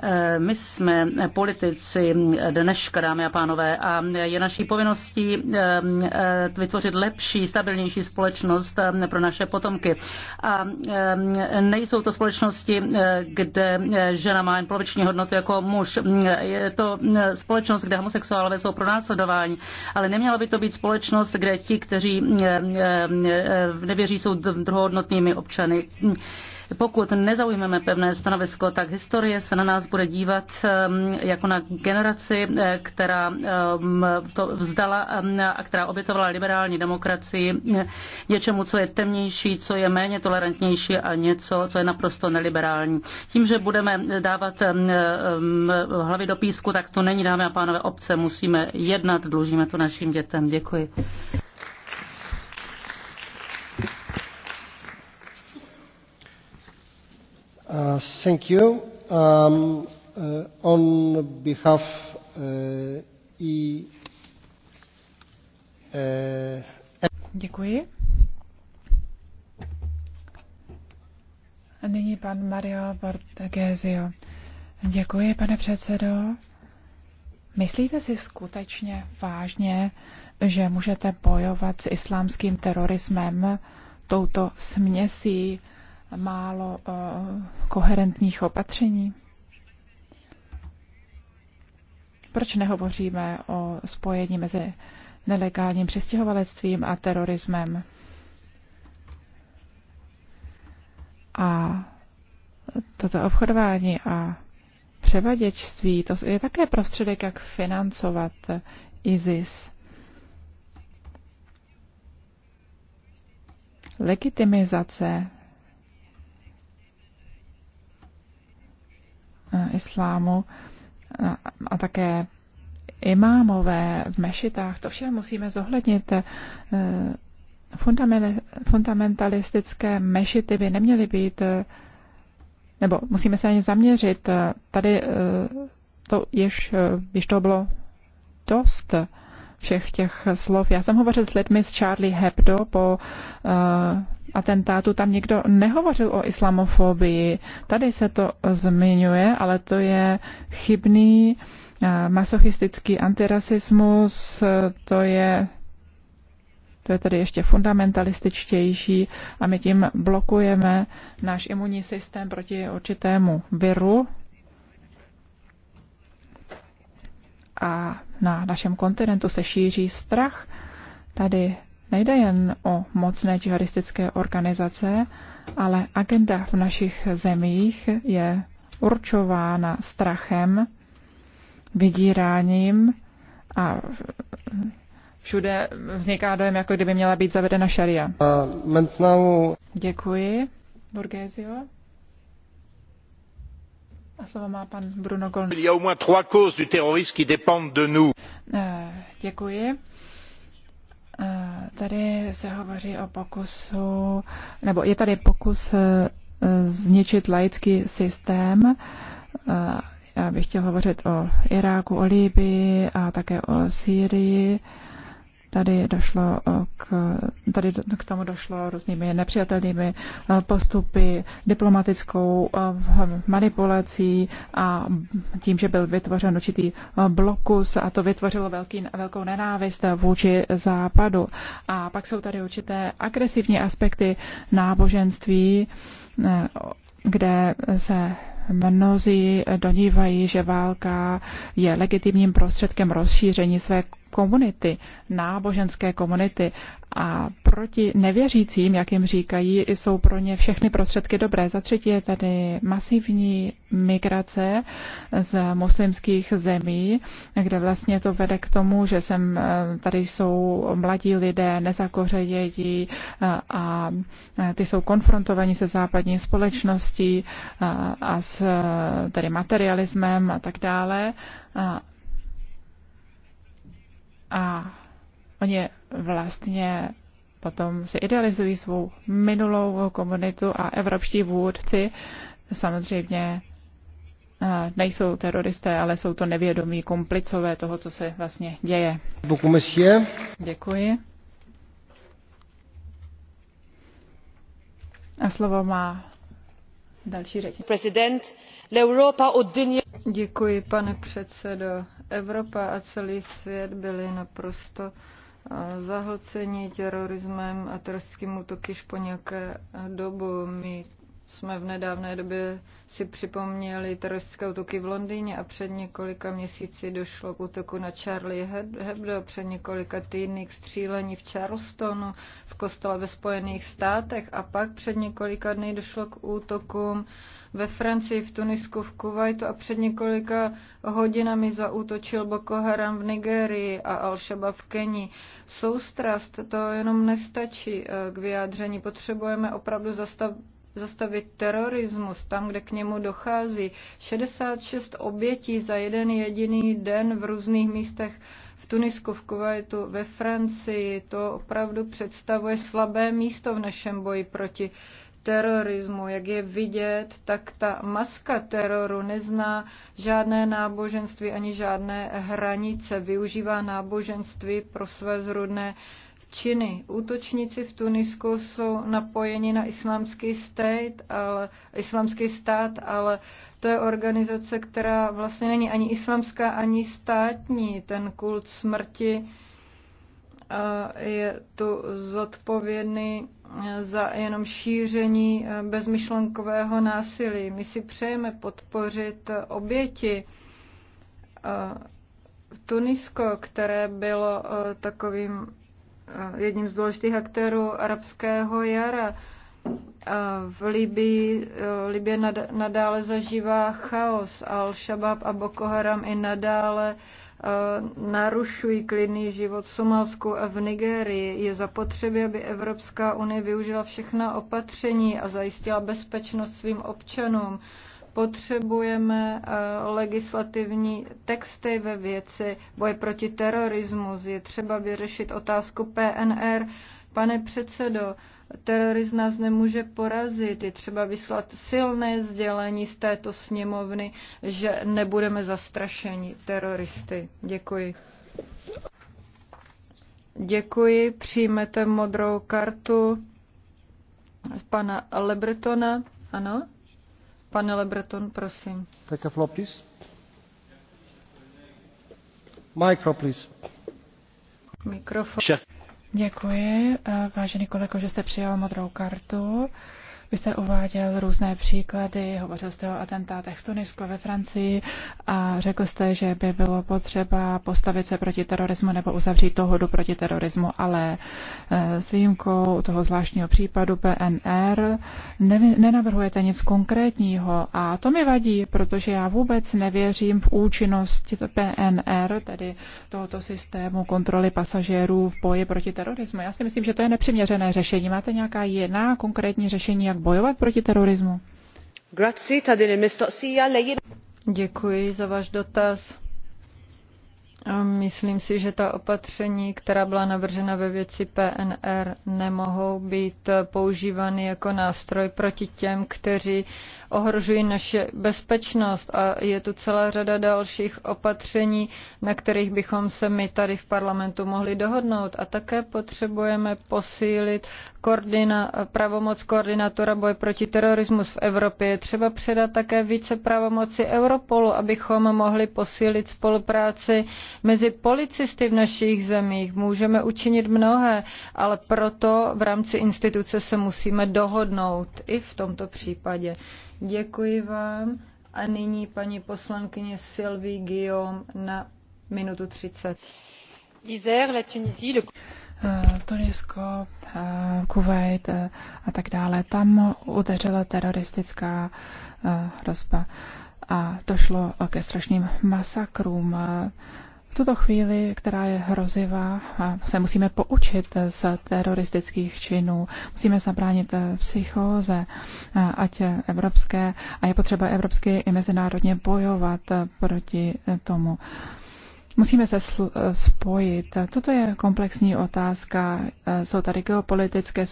Eh, my jsme politici dneška, dámy a pánové, a je naší povinností eh, eh, vytvořit lepší, stabilnější společnost pro naše potomky. A nejsou to společnosti, kde žena má jen poloviční hodnotu jako muž. Je to společnost, kde homosexuálové jsou pronásledováni, ale neměla by to být společnost, kde ti, kteří nevěří, jsou druhohodnotnými občany. Pokud nezaujmeme pevné stanovisko, tak historie se na nás bude dívat um, jako na generaci, eh, která um, to vzdala um, a která obětovala liberální demokracii eh, něčemu, co je temnější, co je méně tolerantnější a něco, co je naprosto neliberální. Tím, že budeme dávat eh, hlavy do písku, tak to není, dámy a pánové, obce. Musíme jednat, dlužíme to našim dětem. Děkuji. Uh, thank you. Um, uh, on behalf uh, e, uh, Děkuji. A nyní pan Mario Bortagésio. Děkuji, pane předsedo. Myslíte si skutečně vážně, že můžete bojovat s islámským terorismem touto směsí málo eh, koherentních opatření? Proč nehovoříme o spojení mezi nelegálním přestěhovalectvím a terorismem? A toto obchodování a převaděčství, to je také prostředek, jak financovat ISIS. Legitimizace Eh, islámu a také imámové v mešitách, to vše musíme zohlednit. Eh, fundamentalistické mešity by neměly být, eh, nebo musíme se na ně zaměřit. Tady to již, již to bylo dost všech těch slov. Já jsem hovořil s lidmi z Charlie Hebdo po atentátu tam nikdo nehovořil o islamofobii. Tady se to zmiňuje, ale to je chybný eh, masochistický antirasismus, to je to je tady ještě fundamentalističtější a my tím blokujeme náš imunní systém proti určitému viru a na našem kontinentu se šíří strach. Tady Nejde jen o mocné džihadistické organizace, ale agenda v našich zemích je určována strachem, vydíráním a všude vzniká dojem, jako kdyby měla být zavedena šaria. Děkuji, Borgesio. A slovo má pan Bruno Goln. Eh, děkuji. Eh, tady se hovoří o pokusu, nebo je tady pokus eh, zničit laický systém. Eh, já bych chtěl hovořit o Iráku, o Líbii a také o Sýrii. Tady, došlo eh, k, tady k tomu došlo různými nepřijatelnými eh, postupy, diplomatickou eh, manipulací a tím, že byl vytvořen určitý blokus a to vytvořilo velký, velkou nenávist vůči západu. A pak jsou tady určité agresivní aspekty náboženství, kde se mnozí donívají, že válka je legitimním prostředkem rozšíření své komunity, náboženské komunity a proti nevěřícím, jak jim říkají, jsou pro ně všechny prostředky dobré. Za třetí je tady masivní migrace z muslimských zemí, kde vlastně to vede k tomu, že sem eh, tady jsou mladí lidé nezakořejědí eh, a eh, ty jsou konfrontovaní se západní společností a s tedy materialismem a tak dále. A oni vlastně potom si idealizují svou minulou komunitu a evropští vůdci samozřejmě eh, nejsou teroristé, ale jsou to nevědomí komplicové toho, co se vlastně děje. Děkuji. A slovo má další řečník. Děkuji, pane předsedo Evropa a celý svět byli naprosto eh, zahlceni terorismem a teroristickými útoky již po nějaké dobu. My jsme v nedávné době si připomněli teroristické útoky v Londýně a před několika měsíci došlo k útoku na Charlie Hebdo, před několika týdny k střílení v Charlestonu, v kostele ve Spojených státech a pak před několika dny došlo k útokům ve Francii, v Tunisku, v Kuwaitu a před několika hodinami zaútočil Boko Haram v Nigerii a Al-Shabaab v Keni. Soustrast to jenom nestačí eh, k vyjádření. Potřebujeme opravdu zastavit zastavit terorismus tam, kde k němu dochází. 66 obětí za jeden jediný den v různých místech v Tunisku, v Kuwaitu, ve Francii. To opravdu představuje slabé místo v našem boji proti terorismu. Jak je vidět, tak ta maska teroru nezná žádné náboženství ani žádné hranice. Využívá náboženství pro své zrudné uh, činy. Útočníci v Tunisku jsou napojeni na islámský stát, ale, islámský stát, ale to je organizace, která vlastně není ani islámská, ani státní. Ten kult smrti eh, je tu zodpovědný eh, za jenom šíření eh, bezmyšlenkového násilí. My si přejeme podpořit oběti Tunisko, které bylo takovým Eh, jedním z důležitých aktérů arabského jara. Eh, v Libii, eh, Libie nadále zažívá chaos. Al-Shabaab a Boko Haram i nadále narušují klidný život v Somálsku a v Nigérii. Je zapotřebí, aby Evropská unie využila všechna opatření a zajistila bezpečnost svým občanům potřebujeme eh, legislativní texty ve věci boje proti terorismu. Je třeba vyřešit otázku PNR. Pane předsedo, terorismus nás nemůže porazit. Je třeba vyslat silné sdělení z této sněmovny, že nebudeme zastrašeni teroristy. Děkuji. Děkuji. Přijmete modrou kartu pana Lebretona. Ano? Pane Lebreton, prosím. Take a floor, please. Micro, please. Mikrofon. Děkuji, eh, vážený kolego, že jste přijal modrou kartu. Vy jste uváděl různé příklady, hovořil jste o atentátech v Tunisku, ve Francii a řekl jste, že by bylo potřeba postavit se proti terorismu nebo uzavřít dohodu proti terorismu, ale eh, s výjimkou toho zvláštního případu PNR nenavrhujete nic konkrétního a to mi vadí, protože já vůbec nevěřím v účinnost PNR, tedy tohoto systému kontroly pasažérů v boji proti terorismu. Já si myslím, že to je nepřiměřené řešení. Máte nějaká jiná konkrétní řešení, jak bojovat proti terorismu? Děkuji za váš dotaz. Myslím si, že ta opatření, která byla navržena ve věci PNR, nemohou být používány jako nástroj proti těm, kteří ohrožují naše bezpečnost a je tu celá řada dalších opatření, na kterých bychom se my tady v parlamentu mohli dohodnout. A také potřebujeme posílit koordina, pravomoc koordinátora boje proti terorismu v Evropě. Je třeba předat také více pravomoci Europolu, abychom mohli posílit spolupráci mezi policisty v našich zemích. Můžeme učinit mnohé, ale proto v rámci instituce se musíme dohodnout i v tomto případě. Děkuji vám. A nyní paní poslankyně Sylvie Guillaume na minutu 30. Eh, Tunisko, eh, Kuwait eh, a tak dále. Tam udeřila teroristická hrozba a došlo ke strašným masakrům. V tuto chvíli, která je hrozivá, se musíme poučit z teroristických činů, musíme zabránit psychóze, ať evropské, a je potřeba evropsky i mezinárodně bojovat proti tomu. Musíme se eh, spojit. Toto je komplexní otázka. Eh, jsou tady geopolitické,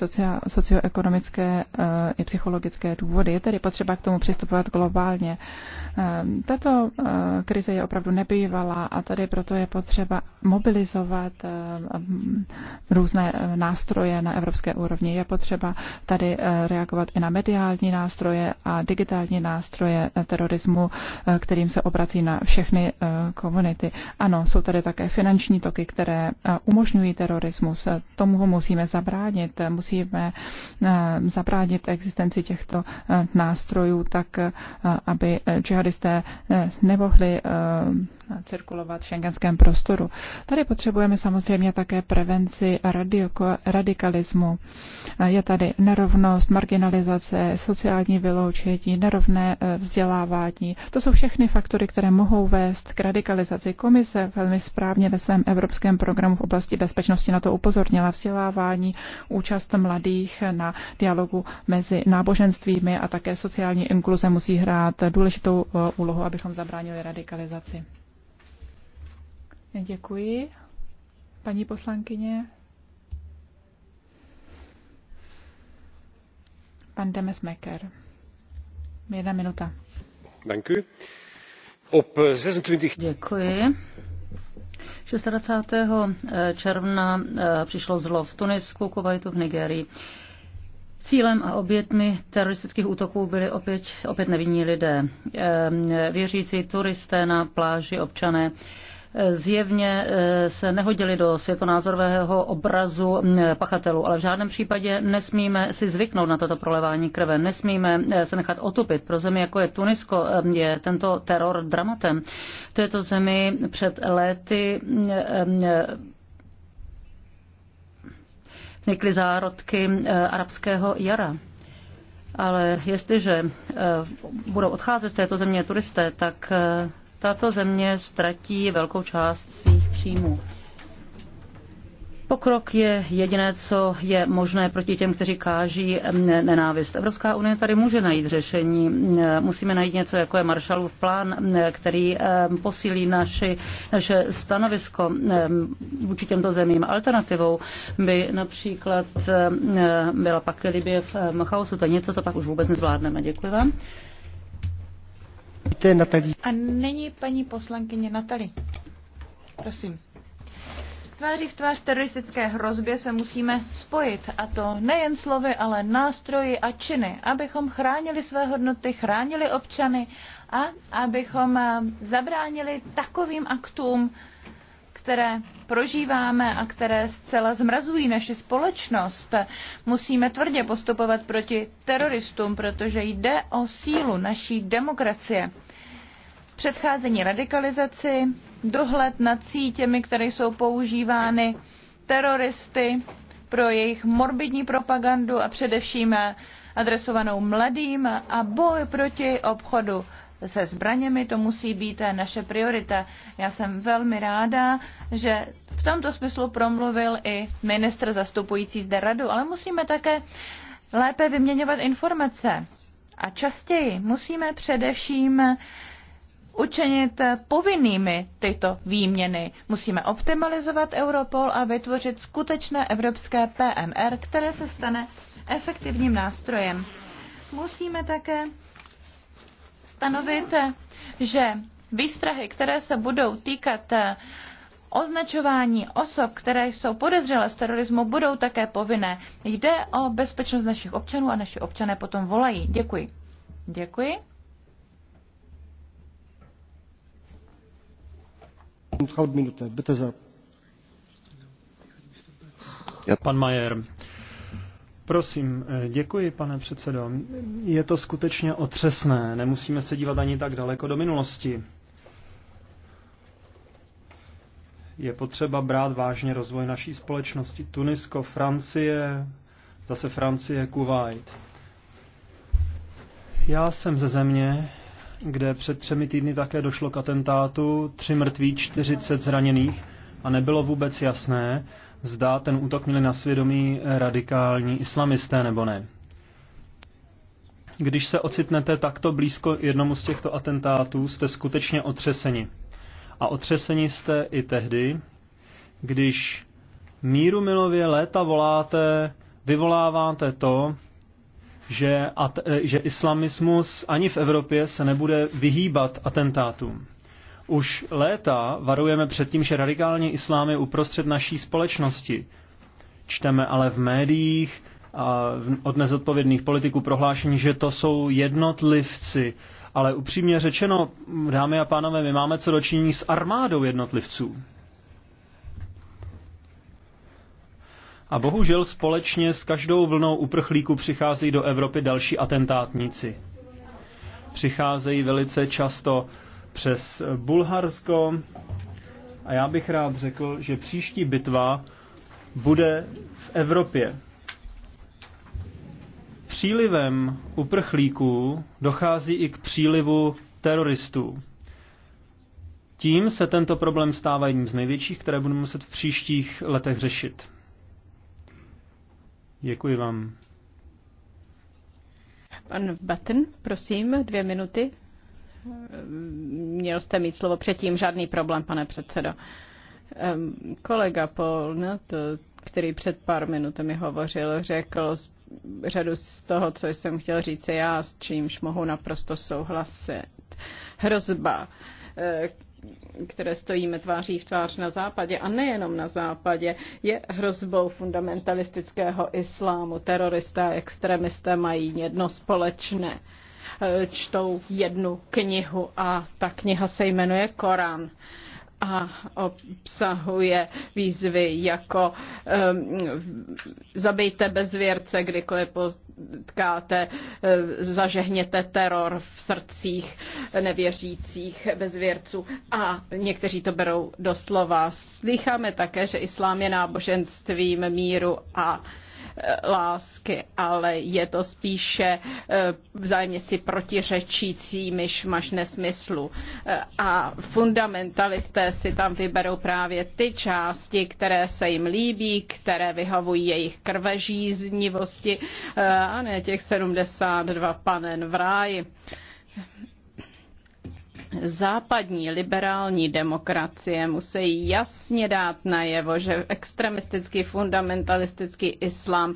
socioekonomické eh, i psychologické důvody. Je tedy potřeba k tomu přistupovat globálně. Tato krize je opravdu nebývalá a tady proto je potřeba mobilizovat různé nástroje na evropské úrovni. Je potřeba tady reagovat i na mediální nástroje a digitální nástroje terorismu, kterým se obrací na všechny komunity. A ano, jsou tady také finanční toky, které eh, umožňují terorismus. Tomu musíme zabránit. Musíme eh, zabránit existenci těchto eh, nástrojů tak, aby džihadisté nemohli cirkulovat v šengenském prostoru. Tady potřebujeme samozřejmě také prevenci radioko, radikalismu. Je tady nerovnost, marginalizace, sociální vyloučení, nerovné vzdělávání. To jsou všechny faktory, které mohou vést k radikalizaci komise jste velmi správně ve svém evropském programu v oblasti bezpečnosti na to upozornila. Vzdělávání, účast mladých na dialogu mezi náboženstvími a také sociální inkluze musí hrát důležitou eh, úlohu, abychom zabránili radikalizaci. Děkuji. Paní poslankyně. Pan Demesmeker. Jedna minuta. Děkuji. Děkuji. 26. Eh, června eh, přišlo zlo v Tunisku, Kuwaitu, v Nigerii. Cílem a obětmi teroristických útoků byli opět, opět nevinní lidé, ehm, věřící turisté na pláži, občané zjevně eh, se nehodili do světonázorového obrazu pachatelů, ale v žádném případě nesmíme si zvyknout na toto prolevání krve, nesmíme eh, se nechat otupit. Pro zemi, jako je Tunisko, eh, je tento teror dramatem. V této zemi před léty vznikly zárodky arabského jara. Ale jestliže budou odcházet z této země turisté, tak tato země ztratí velkou část svých příjmů. Pokrok je jediné, co je možné proti těm, kteří káží nenávist. Evropská unie tady může najít řešení. Musíme najít něco, jako je Marshallův plán, který eh, posílí naši, naše stanovisko eh, vůči těmto zemím. Alternativou by například eh, byla pak Libie v chaosu. To je něco, co pak už vůbec nezvládneme. Děkuji vám. A není paní poslankyně Natali. Prosím. Tváří v tvář teroristické hrozbě se musíme spojit, a to nejen slovy, ale nástroji a činy, abychom chránili své hodnoty, chránili občany a abychom eh, zabránili takovým aktům, které prožíváme a které zcela zmrazují naši společnost. Musíme tvrdě postupovat proti teroristům, protože jde o sílu naší demokracie. Předcházení radikalizaci, dohled nad sítěmi, které jsou používány teroristy pro jejich morbidní propagandu a především adresovanou mladým a boj proti obchodu se zbraněmi, to musí být eh, naše priorita. Já jsem velmi ráda, že v tomto smyslu promluvil i ministr zastupující zde radu, ale musíme také lépe vyměňovat informace. A častěji musíme především učinit povinnými tyto výměny. Musíme optimalizovat Europol a vytvořit skutečné evropské PMR, které se stane efektivním nástrojem. Musíme také stanovit, že výstrahy, které se budou týkat eh, označování osob, které jsou podezřelé z terorismu, budou také povinné. Jde o bezpečnost našich občanů a naši občané potom volají. Děkuji. Děkuji. Pan Majer, Prosím, eh, děkuji, pane předsedo. Je to skutečně otřesné, nemusíme se dívat ani tak daleko do minulosti. Je potřeba brát vážně rozvoj naší společnosti. Tunisko, Francie, zase Francie, Kuwait. Já jsem ze země, kde před třemi týdny také došlo k atentátu, tři mrtví, 40 zraněných a nebylo vůbec jasné, zda ten útok měli na svědomí radikální islamisté nebo ne. Když se ocitnete takto blízko jednomu z těchto atentátů, jste skutečně otřeseni. A otřeseni jste i tehdy, když míru milově léta voláte, vyvoláváte to, že, at, že islamismus ani v Evropě se nebude vyhýbat atentátům. Už léta varujeme před tím, že radikální islám je uprostřed naší společnosti. Čteme ale v médiích a od nezodpovědných politiků prohlášení, že to jsou jednotlivci. Ale upřímně řečeno, dámy a pánové, my máme co dočinění s armádou jednotlivců. A bohužel společně s každou vlnou uprchlíků přicházejí do Evropy další atentátníci. Přicházejí velice často přes Bulharsko. A já bych rád řekl, že příští bitva bude v Evropě. Přílivem uprchlíků dochází i k přílivu teroristů. Tím se tento problém stává jedním z největších, které budeme muset v příštích letech řešit. Děkuji vám. Pan Batten, prosím, dvě minuty. Měl jste mít slovo předtím, žádný problém, pane předsedo. Kolega Paul, no to, který před pár minutami hovořil, řekl řadu z toho, co jsem chtěl říct já, s čímž mohu naprosto souhlasit. Hrozba, e, které stojíme tváří v tvář na západě a nejenom na západě, je hrozbou fundamentalistického islámu. Teroristé a extremisté mají jedno společné čtou jednu knihu a ta kniha se jmenuje Korán a obsahuje výzvy jako um, zabijte bezvěrce, kdykoliv potkáte, zažehněte teror v srdcích nevěřících bezvěrců. A někteří to berou doslova. Slycháme také, že islám je náboženstvím míru a lásky, ale je to spíše eh, vzájemně si protiřečící myšmaš nesmyslu. Eh, a fundamentalisté si tam vyberou právě ty části, které se jim líbí, které vyhovují jejich krvežíznivosti, eh, a ne těch 72 panen v ráji západní liberální demokracie musí jasně dát najevo, že extremistický fundamentalistický islám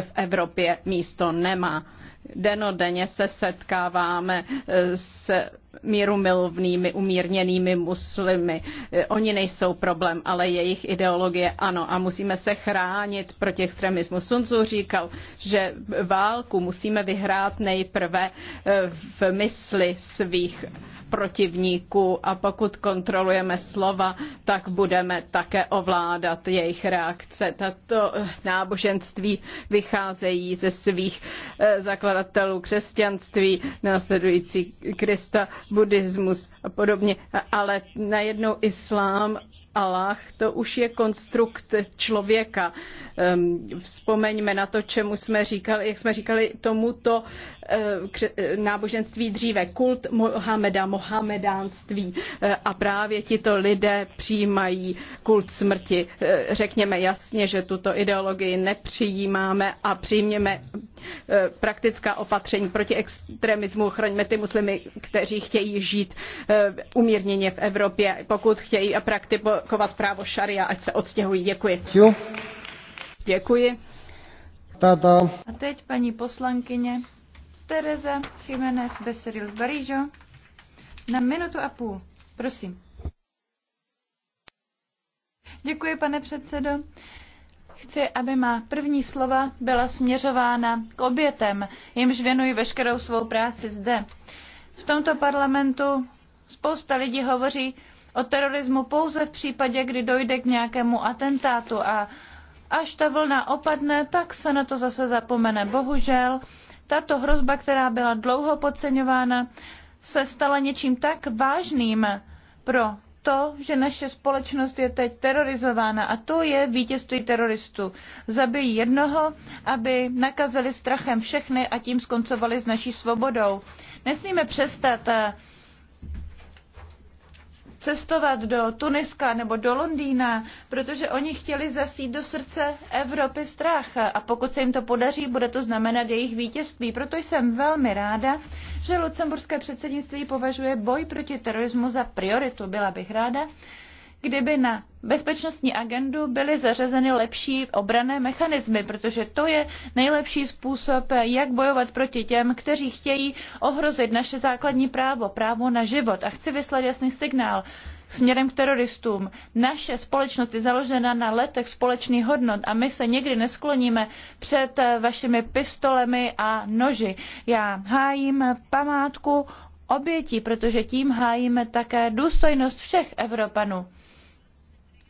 v Evropě místo nemá. Denodenně se setkáváme s mírumilovnými, umírněnými muslimy. Oni nejsou problém, ale jejich ideologie ano a musíme se chránit proti extremismu. Sunzu říkal, že válku musíme vyhrát nejprve v mysli svých protivníků a pokud kontrolujeme slova, tak budeme také ovládat jejich reakce. Tato eh, náboženství vycházejí ze svých eh, zakladatelů křesťanství, následující Krista, buddhismus a podobně, ale najednou islám Allah, to už je konstrukt člověka. Ehm, vzpomeňme na to, čemu jsme říkali, jak jsme říkali tomuto eh, eh, náboženství dříve, kult Mohameda, mohamedánství. Eh, a právě tito lidé přijímají kult smrti. Řekněme jasně, že tuto ideologii nepřijímáme a přijměme praktická opatření proti extremismu. Chraňme ty muslimy, kteří chtějí žít umírněně v Evropě, pokud chtějí a praktikovat aplikovat právo šaria, ať se odstěhují. Děkuji. Jo. Děkuji. Tata. A teď paní poslankyně Tereza Jiménez Beseril Barížo na minutu a půl. Prosím. Děkuji, pane předsedo. Chci, aby má první slova byla směřována k obětem, jimž věnuji veškerou svou práci zde. V tomto parlamentu spousta lidí hovoří o terorismu pouze v případě, kdy dojde k nějakému atentátu a až ta vlna opadne, tak se na to zase zapomene. Bohužel, tato hrozba, která byla dlouho podceňována, se stala něčím tak vážným pro to, že naše společnost je teď terorizována a to je vítězství teroristů. Zabijí jednoho, aby nakazili strachem všechny a tím skoncovali s naší svobodou. Nesmíme přestat eh, cestovat do Tuniska nebo do Londýna, protože oni chtěli zasít do srdce Evropy strach. A pokud se jim to podaří, bude to znamenat jejich vítězství. Proto jsem velmi ráda, že lucemburské předsednictví považuje boj proti terorismu za prioritu. Byla bych ráda, kdyby na bezpečnostní agendu byly zařazeny lepší obrané mechanismy, protože to je nejlepší způsob, jak bojovat proti těm, kteří chtějí ohrozit naše základní právo, právo na život. A chci vyslat jasný signál směrem k teroristům. Naše společnost je založena na letech společných hodnot a my se někdy neskloníme před vašimi pistolemi a noži. Já hájím památku obětí, protože tím hájíme také důstojnost všech Evropanů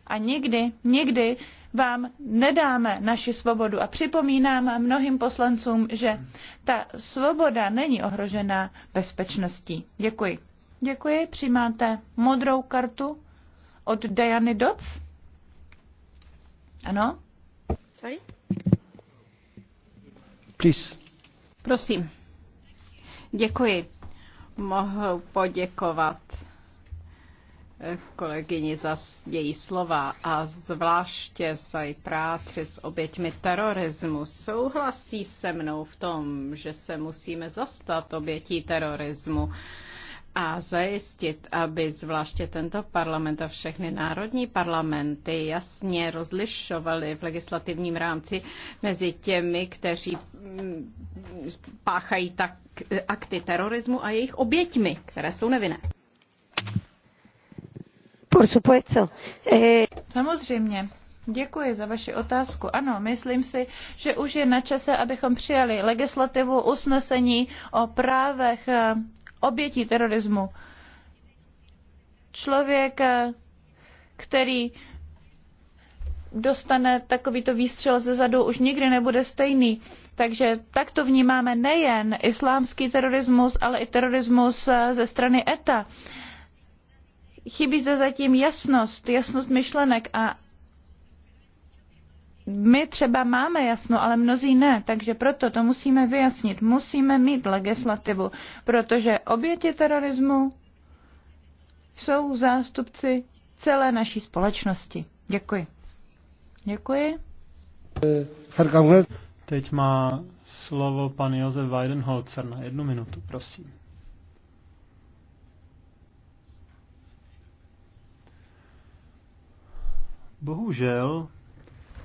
a nikdy, nikdy vám nedáme naši svobodu. A připomínám mnohým poslancům, že ta svoboda není ohrožena bezpečností. Děkuji. Děkuji. Přijímáte modrou kartu od Diany Doc? Ano? Sorry? Please. Prosím. Děkuji. Mohu poděkovat kolegyni za její slova a zvláště za její práci s oběťmi terorismu. Souhlasí se mnou v tom, že se musíme zastat obětí terorismu a zajistit, aby zvláště tento parlament a všechny národní parlamenty jasně rozlišovaly v legislativním rámci mezi těmi, kteří mm, páchají tak akty terorismu a jejich oběťmi, které jsou nevinné. Por supuesto. Eh, Samozřejmě. Děkuji za vaši otázku. Ano, myslím si, že už je na čase, abychom přijali legislativu usnesení o právech eh, obětí terorismu. Člověk, eh, který dostane takovýto výstřel ze zadu, už nikdy nebude stejný. Takže takto vnímáme nejen islámský terorismus, ale i terorismus ze strany ETA chybí zde zatím jasnost, jasnost myšlenek a my třeba máme jasno, ale mnozí ne, takže proto to musíme vyjasnit. Musíme mít legislativu, protože oběti terorismu jsou zástupci celé naší společnosti. Děkuji. Děkuji. Teď má slovo pan Josef Weidenholzer na jednu minutu, prosím. Bohužel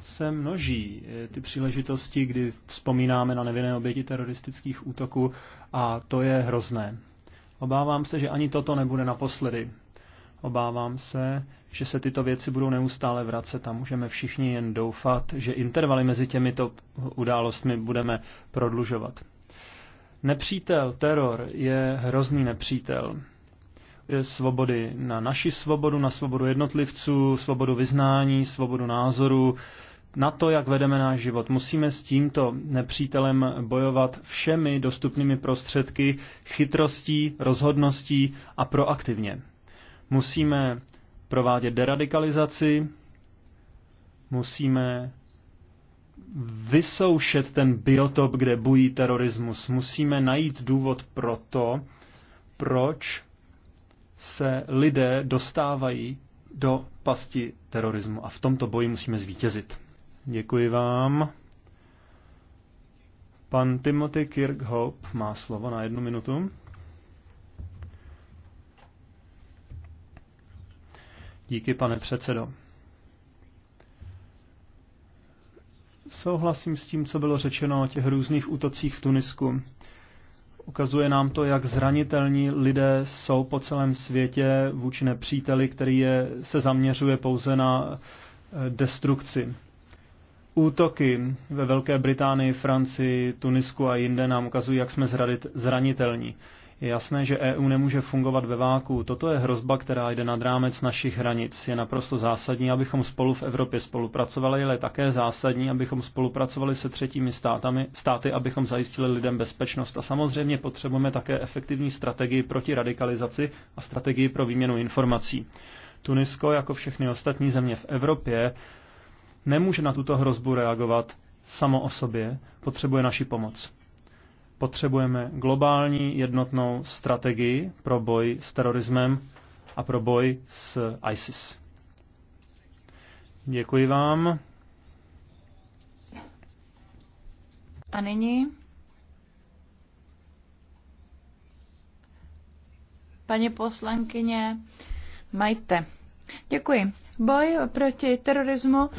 se množí eh, ty příležitosti, kdy vzpomínáme na nevinné oběti teroristických útoků a to je hrozné. Obávám se, že ani toto nebude naposledy. Obávám se, že se tyto věci budou neustále vracet a můžeme všichni jen doufat, že intervaly mezi těmito událostmi budeme prodlužovat. Nepřítel, teror je hrozný nepřítel. Eh, svobody na naši svobodu, na svobodu jednotlivců, svobodu vyznání, svobodu názoru, na to, jak vedeme náš život. Musíme s tímto nepřítelem bojovat všemi dostupnými prostředky, chytrostí, rozhodností a proaktivně. Musíme provádět deradikalizaci, musíme vysoušet ten biotop, kde bují terorismus. Musíme najít důvod pro to, proč se lidé dostávají do pasti terorismu a v tomto boji musíme zvítězit. Děkuji vám. Pan Timothy Kirkhope má slovo na jednu minutu. Díky, pane předsedo. Souhlasím s tím, co bylo řečeno o těch různých útocích v Tunisku. Ukazuje nám to, jak zranitelní lidé jsou po celém světě vůči nepříteli, který je, se zaměřuje pouze na eh, destrukci. Útoky ve Velké Británii, Francii, Tunisku a jinde nám ukazují, jak jsme zranitelní. Je jasné, že EU nemůže fungovat ve váku. Toto je hrozba, která jde nad rámec našich hranic. Je naprosto zásadní, abychom spolu v Evropě spolupracovali, ale je také zásadní, abychom spolupracovali se třetími státami, státy, abychom zajistili lidem bezpečnost. A samozřejmě potřebujeme také efektivní strategii proti radikalizaci a strategii pro výměnu informací. Tunisko, jako všechny ostatní země v Evropě, nemůže na tuto hrozbu reagovat samo o sobě, potřebuje naši pomoc. Potřebujeme globální jednotnou strategii pro boj s terorismem a pro boj s ISIS. Děkuji vám. A nyní paní poslankyně Majte. Děkuji. Boj proti terorismu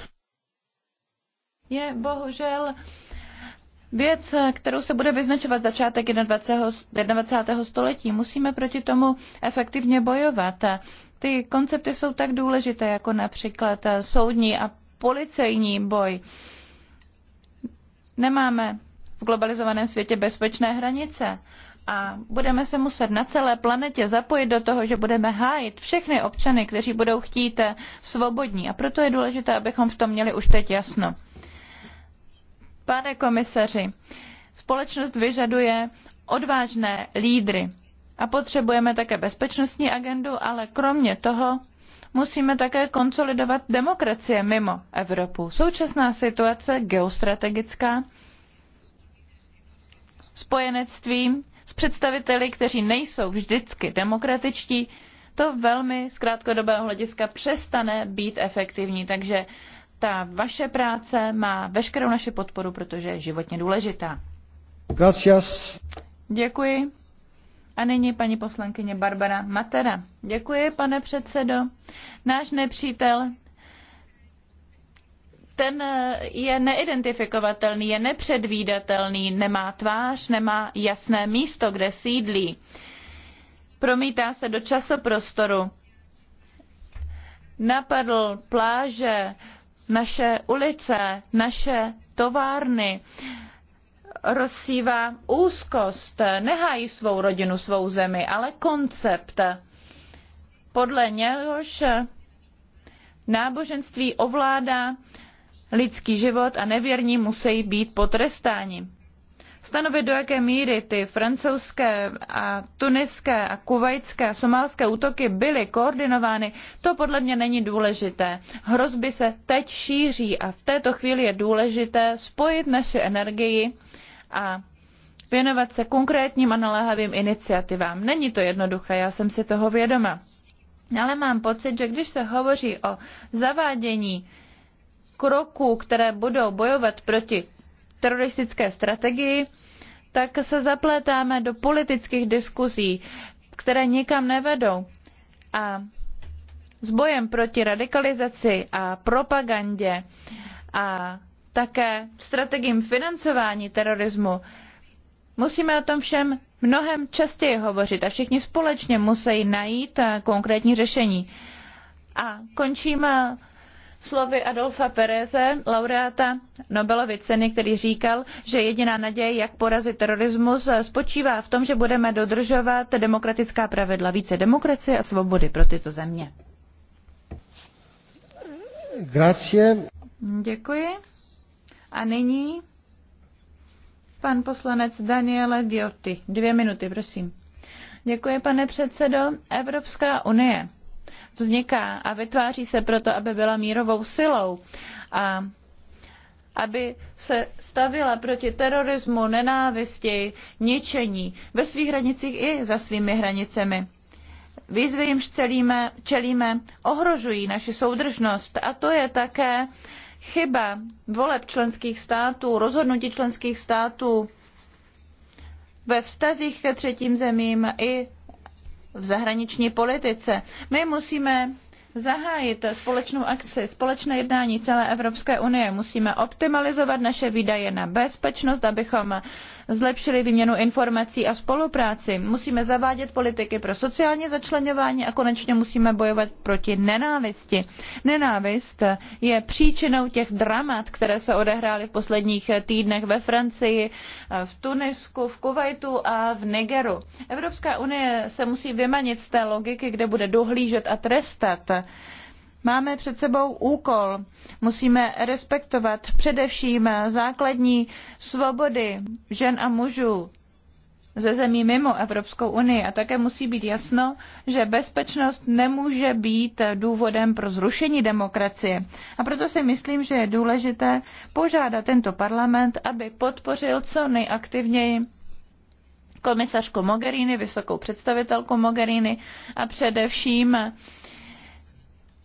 je bohužel věc, kterou se bude vyznačovat začátek 21. 21. století. Musíme proti tomu efektivně bojovat. Ty koncepty jsou tak důležité, jako například soudní a policejní boj. Nemáme v globalizovaném světě bezpečné hranice a budeme se muset na celé planetě zapojit do toho, že budeme hájit všechny občany, kteří budou chtít svobodní. A proto je důležité, abychom v tom měli už teď jasno. Pane komisaři, společnost vyžaduje odvážné lídry a potřebujeme také bezpečnostní agendu, ale kromě toho musíme také konsolidovat demokracie mimo Evropu. Současná situace geostrategická, spojenectví s představiteli, kteří nejsou vždycky demokratičtí, to velmi z krátkodobého hlediska přestane být efektivní. Takže ta vaše práce má veškerou naši podporu, protože je životně důležitá. Gracias. Děkuji. A nyní paní poslankyně Barbara Matera. Děkuji, pane předsedo. Náš nepřítel ten je neidentifikovatelný, je nepředvídatelný, nemá tvář, nemá jasné místo, kde sídlí. Promítá se do časoprostoru. Napadl pláže, naše ulice, naše továrny, rozsívá úzkost, nehájí svou rodinu, svou zemi, ale koncept, podle něhož náboženství ovládá lidský život a nevěrní musí být potrestáni stanovit, do jaké míry ty francouzské a tuniské a kuvajské a somálské útoky byly koordinovány, to podle mě není důležité. Hrozby se teď šíří a v této chvíli je důležité spojit naše energii a věnovat se konkrétním a naléhavým iniciativám. Není to jednoduché, já jsem si toho vědoma. Ale mám pocit, že když se hovoří o zavádění kroků, které budou bojovat proti teroristické strategii, tak se zaplétáme do politických diskuzí, které nikam nevedou. A s bojem proti radikalizaci a propagandě a také strategiím financování terorismu musíme o tom všem mnohem častěji hovořit a všichni společně musí najít eh, konkrétní řešení. A končíme. Eh, slovy Adolfa Pereze, laureáta Nobelovy ceny, který říkal, že jediná naděje, jak porazit terorismus, spočívá v tom, že budeme dodržovat demokratická pravidla, více demokracie a svobody pro tyto země. Grazie. Děkuji. A nyní pan poslanec Daniele Viotti. Dvě minuty, prosím. Děkuji, pane předsedo. Evropská unie vzniká a vytváří se proto, aby byla mírovou silou a aby se stavila proti terorismu, nenávisti, ničení ve svých hranicích i za svými hranicemi. Výzvy jimž čelíme, čelíme ohrožují naši soudržnost a to je také chyba voleb členských států, rozhodnutí členských států ve vztazích ke třetím zemím i v zahraniční politice. My musíme zahájit společnou akci, společné jednání celé Evropské unie. Musíme optimalizovat naše výdaje na bezpečnost, abychom zlepšili výměnu informací a spolupráci. Musíme zavádět politiky pro sociální začlenování a konečně musíme bojovat proti nenávisti. Nenávist je příčinou těch dramat, které se odehrály v posledních týdnech ve Francii, v Tunisku, v Kuwaitu a v Nigeru. Evropská unie se musí vymanit z té logiky, kde bude dohlížet a trestat Máme před sebou úkol. Musíme respektovat především základní svobody žen a mužů ze zemí mimo Evropskou unii a také musí být jasno, že bezpečnost nemůže být důvodem pro zrušení demokracie. A proto si myslím, že je důležité požádat tento parlament, aby podpořil co nejaktivněji komisařku Mogherini, vysokou představitelku Mogherini a především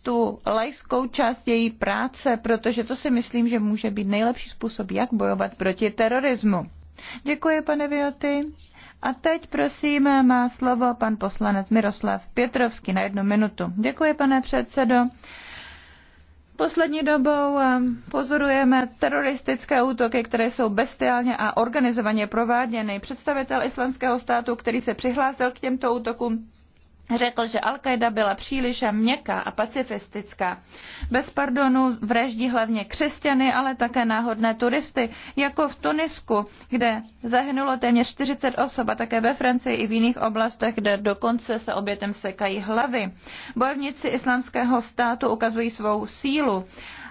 tu lajskou část její práce, protože to si myslím, že může být nejlepší způsob, jak bojovat proti terorismu. Děkuji, pane Vioty. A teď prosím má slovo pan poslanec Miroslav Pětrovský na jednu minutu. Děkuji, pane předsedo. Poslední dobou eh, pozorujeme teroristické útoky, které jsou bestiálně a organizovaně prováděny. Představitel islamského státu, který se přihlásil k těmto útokům, řekl, že Al-Qaida byla příliš měkká a pacifistická. Bez pardonu vraždí hlavně křesťany, ale také náhodné turisty, jako v Tunisku, kde zahynulo téměř 40 osob a také ve Francii i v jiných oblastech, kde dokonce se obětem sekají hlavy. Bojovníci islámského státu ukazují svou sílu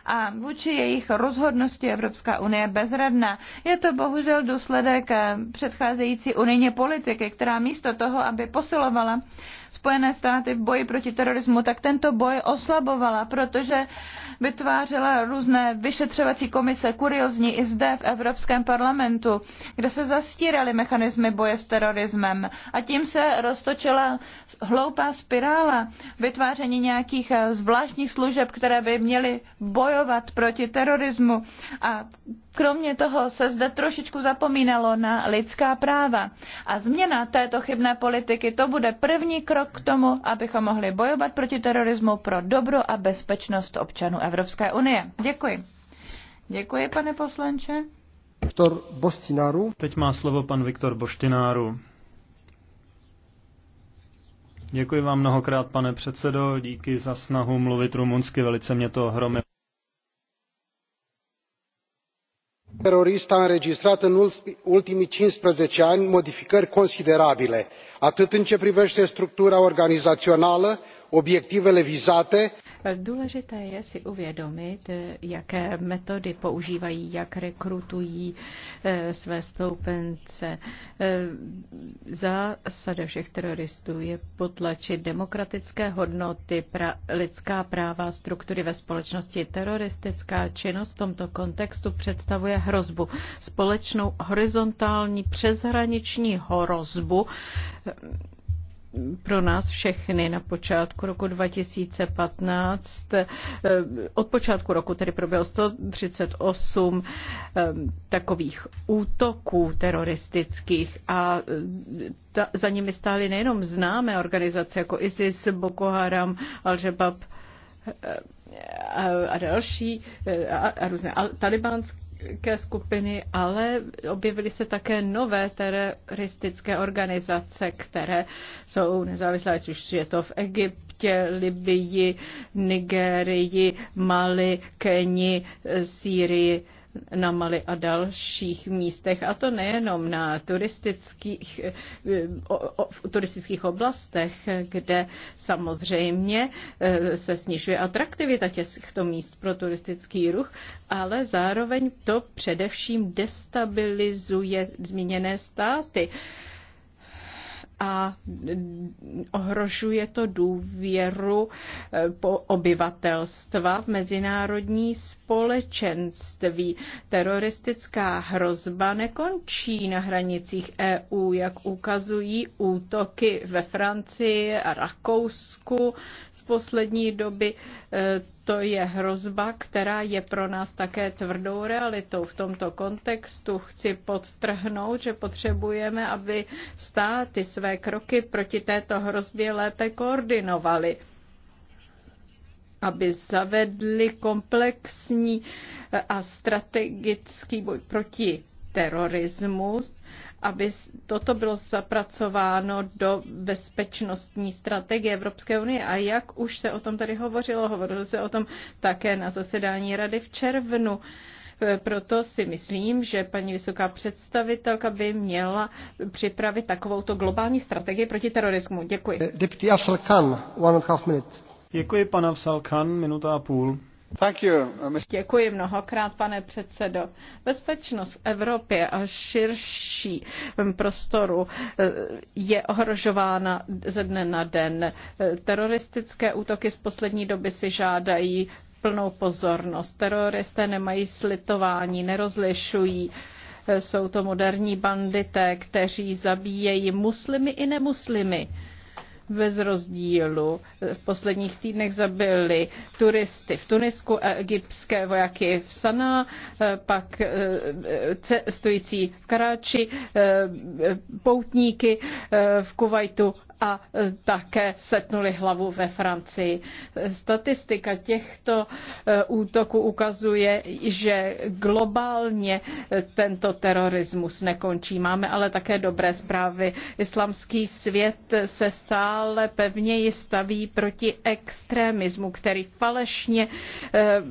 a vůči jejich rozhodnosti Evropská unie bezradná. Je to bohužel důsledek eh, předcházející unijní politiky, která místo toho, aby posilovala Spojené státy v boji proti terorismu, tak tento boj oslabovala, protože vytvářela různé vyšetřovací komise, kuriozní i zde v Evropském parlamentu, kde se zastíraly mechanismy boje s terorismem. A tím se roztočila hloupá spirála vytváření nějakých eh, zvláštních služeb, které by měly bojovat bojovat proti terorismu a kromě toho se zde trošičku zapomínalo na lidská práva. A změna této chybné politiky to bude první krok k tomu, abychom mohli bojovat proti terorismu pro dobro a bezpečnost občanů Evropské unie. Děkuji. Děkuji, pane poslanče. Viktor Bostináru. Teď má slovo pan Viktor Boštináru. Děkuji vám mnohokrát, pane předsedo, díky za snahu mluvit rumunsky, velice mě to hromilo. terorist a înregistrat în ultimii cincisprezece ani modificări considerabile atât în ceea ce privește structura organizațională obiectivele vizate cât și. Důležité je si uvědomit, jaké metody používají, jak rekrutují eh, své stoupence. Eh, zásada všech teroristů je potlačit demokratické hodnoty, pra, lidská práva, struktury ve společnosti. Teroristická činnost v tomto kontextu představuje hrozbu, společnou horizontální přeshraniční hrozbu, pro nás všechny na počátku roku 2015. Eh, od počátku roku tedy proběhlo 138 eh, takových útoků teroristických a eh, ta, za nimi stály nejenom známé organizace jako ISIS, Boko Haram, Al-Shabaab a další a, a různé talibánské teroristické skupiny, ale objevily se také nové teroristické organizace, které jsou nezávislé, ať už je to v Egyptě, Libii, Nigérii, Mali, Keni, Sýrii na Mali a dalších místech, a to nejenom na turistických, eh, o, o, turistických oblastech, kde samozřejmě eh, se snižuje atraktivita těchto míst pro turistický ruch, ale zároveň to především destabilizuje zmíněné státy a ohrožuje to důvěru eh, obyvatelstva v mezinárodní společenství. Teroristická hrozba nekončí na hranicích EU, jak ukazují útoky ve Francii a Rakousku z poslední doby. Eh, to je hrozba, která je pro nás také tvrdou realitou. V tomto kontextu chci podtrhnout, že potřebujeme, aby státy své kroky proti této hrozbě lépe koordinovaly aby zavedli komplexní a strategický boj proti terorismu aby toto bylo zapracováno do bezpečnostní strategie Evropské unie. A jak už se o tom tady hovořilo, hovořilo se o tom také na zasedání rady v červnu. E, proto si myslím, že paní vysoká představitelka by měla připravit to globální strategii proti terorismu. Děkuji. Deputy Afsal one and a half minute. Děkuji, pana Afsal minuta a půl. Uh, Děkuji mnohokrát, pane předsedo. Bezpečnost v Evropě a širší um, prostoru uh, je ohrožována ze dne na den. Uh, teroristické útoky z poslední doby si žádají plnou pozornost. Teroristé nemají slitování, nerozlišují jsou to moderní bandité, kteří zabíjejí muslimy i nemuslimy bez rozdílu. V posledních týdnech zabili turisty v Tunisku a egyptské vojáky v Sana, eh, pak eh, cestující v Karáči, eh, poutníky v Kuwaitu a také setnuli hlavu ve Francii. Statistika těchto e, útoků ukazuje, že globálně tento terorismus nekončí. Máme ale také dobré zprávy. Islamský svět se stále pevněji staví proti extremismu, který falešně e,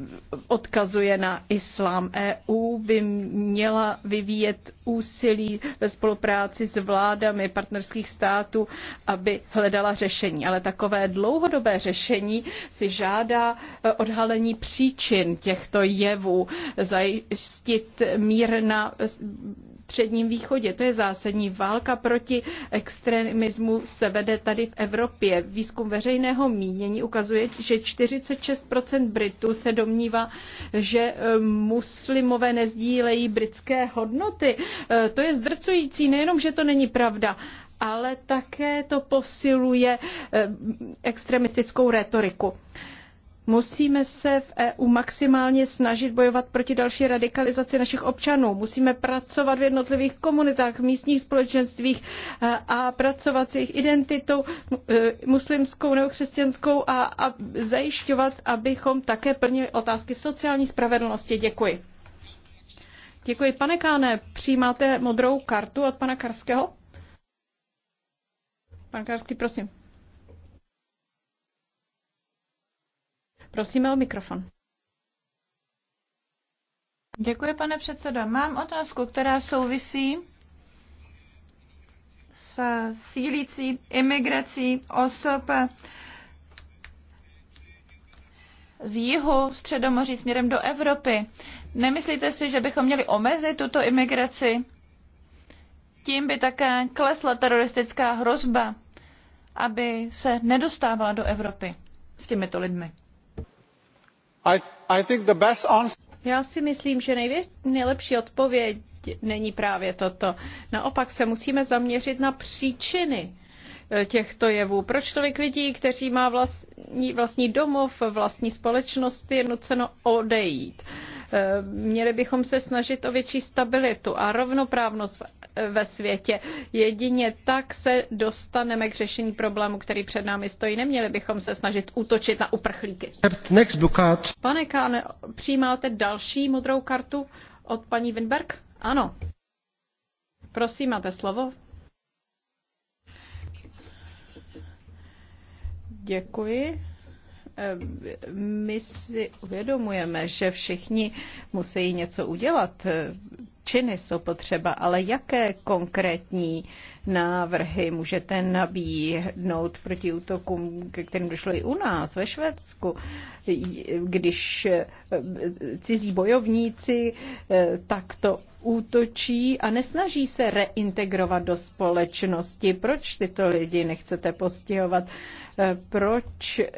odkazuje na islám. EU by měla vyvíjet úsilí ve spolupráci s vládami partnerských států a aby hledala řešení. Ale takové dlouhodobé řešení si žádá eh, odhalení příčin těchto jevů, zajistit mír na eh, středním východě. To je zásadní válka proti extremismu se vede tady v Evropě. Výzkum veřejného mínění ukazuje, že 46% Britů se domnívá, že eh, muslimové nezdílejí britské hodnoty. To je zdrcující, nejenom, že to není pravda, ale také to posiluje eh, extremistickou retoriku. Musíme se v EU maximálně snažit bojovat proti další radikalizaci našich občanů. Musíme pracovat v jednotlivých komunitách, v místních společenstvích eh, a pracovat s jejich identitou eh, muslimskou nebo křesťanskou a, a zajišťovat, abychom také plnili otázky sociální spravedlnosti. Děkuji. Děkuji. Pane Káne, přijímáte modrou kartu od pana Karského? Pan Karský, prosím. Prosíme o mikrofon. Děkuji, pane předsedo. Mám otázku, která souvisí s sílící imigrací osob z jihu Středomoří směrem do Evropy. Nemyslíte si, že bychom měli omezit tuto imigraci? Tím by také klesla teroristická hrozba, aby se nedostávala do Evropy s těmito lidmi. Já si myslím, že nejvě- nejlepší odpověď není právě toto. Naopak se musíme zaměřit na příčiny eh, těchto jevů. Proč tolik lidí, kteří má vlastní, vlastní domov, vlastní společnost, je nuceno odejít? Eh, měli bychom se snažit o větší stabilitu a rovnoprávnost eh, ve světě. Jedině tak se dostaneme k řešení problému, který před námi stojí. Neměli bychom se snažit útočit na uprchlíky. Pane Kán, přijímáte další modrou kartu od paní Winberg? Ano. Prosím, máte slovo. Děkuji my si uvědomujeme, že všichni musí něco udělat. Činy jsou potřeba, ale jaké konkrétní návrhy můžete nabídnout proti útokům, ke kterým došlo i u nás ve Švédsku, když cizí bojovníci eh, takto útočí a nesnaží se reintegrovat do společnosti. Proč tyto lidi nechcete postihovat? Eh, proč eh,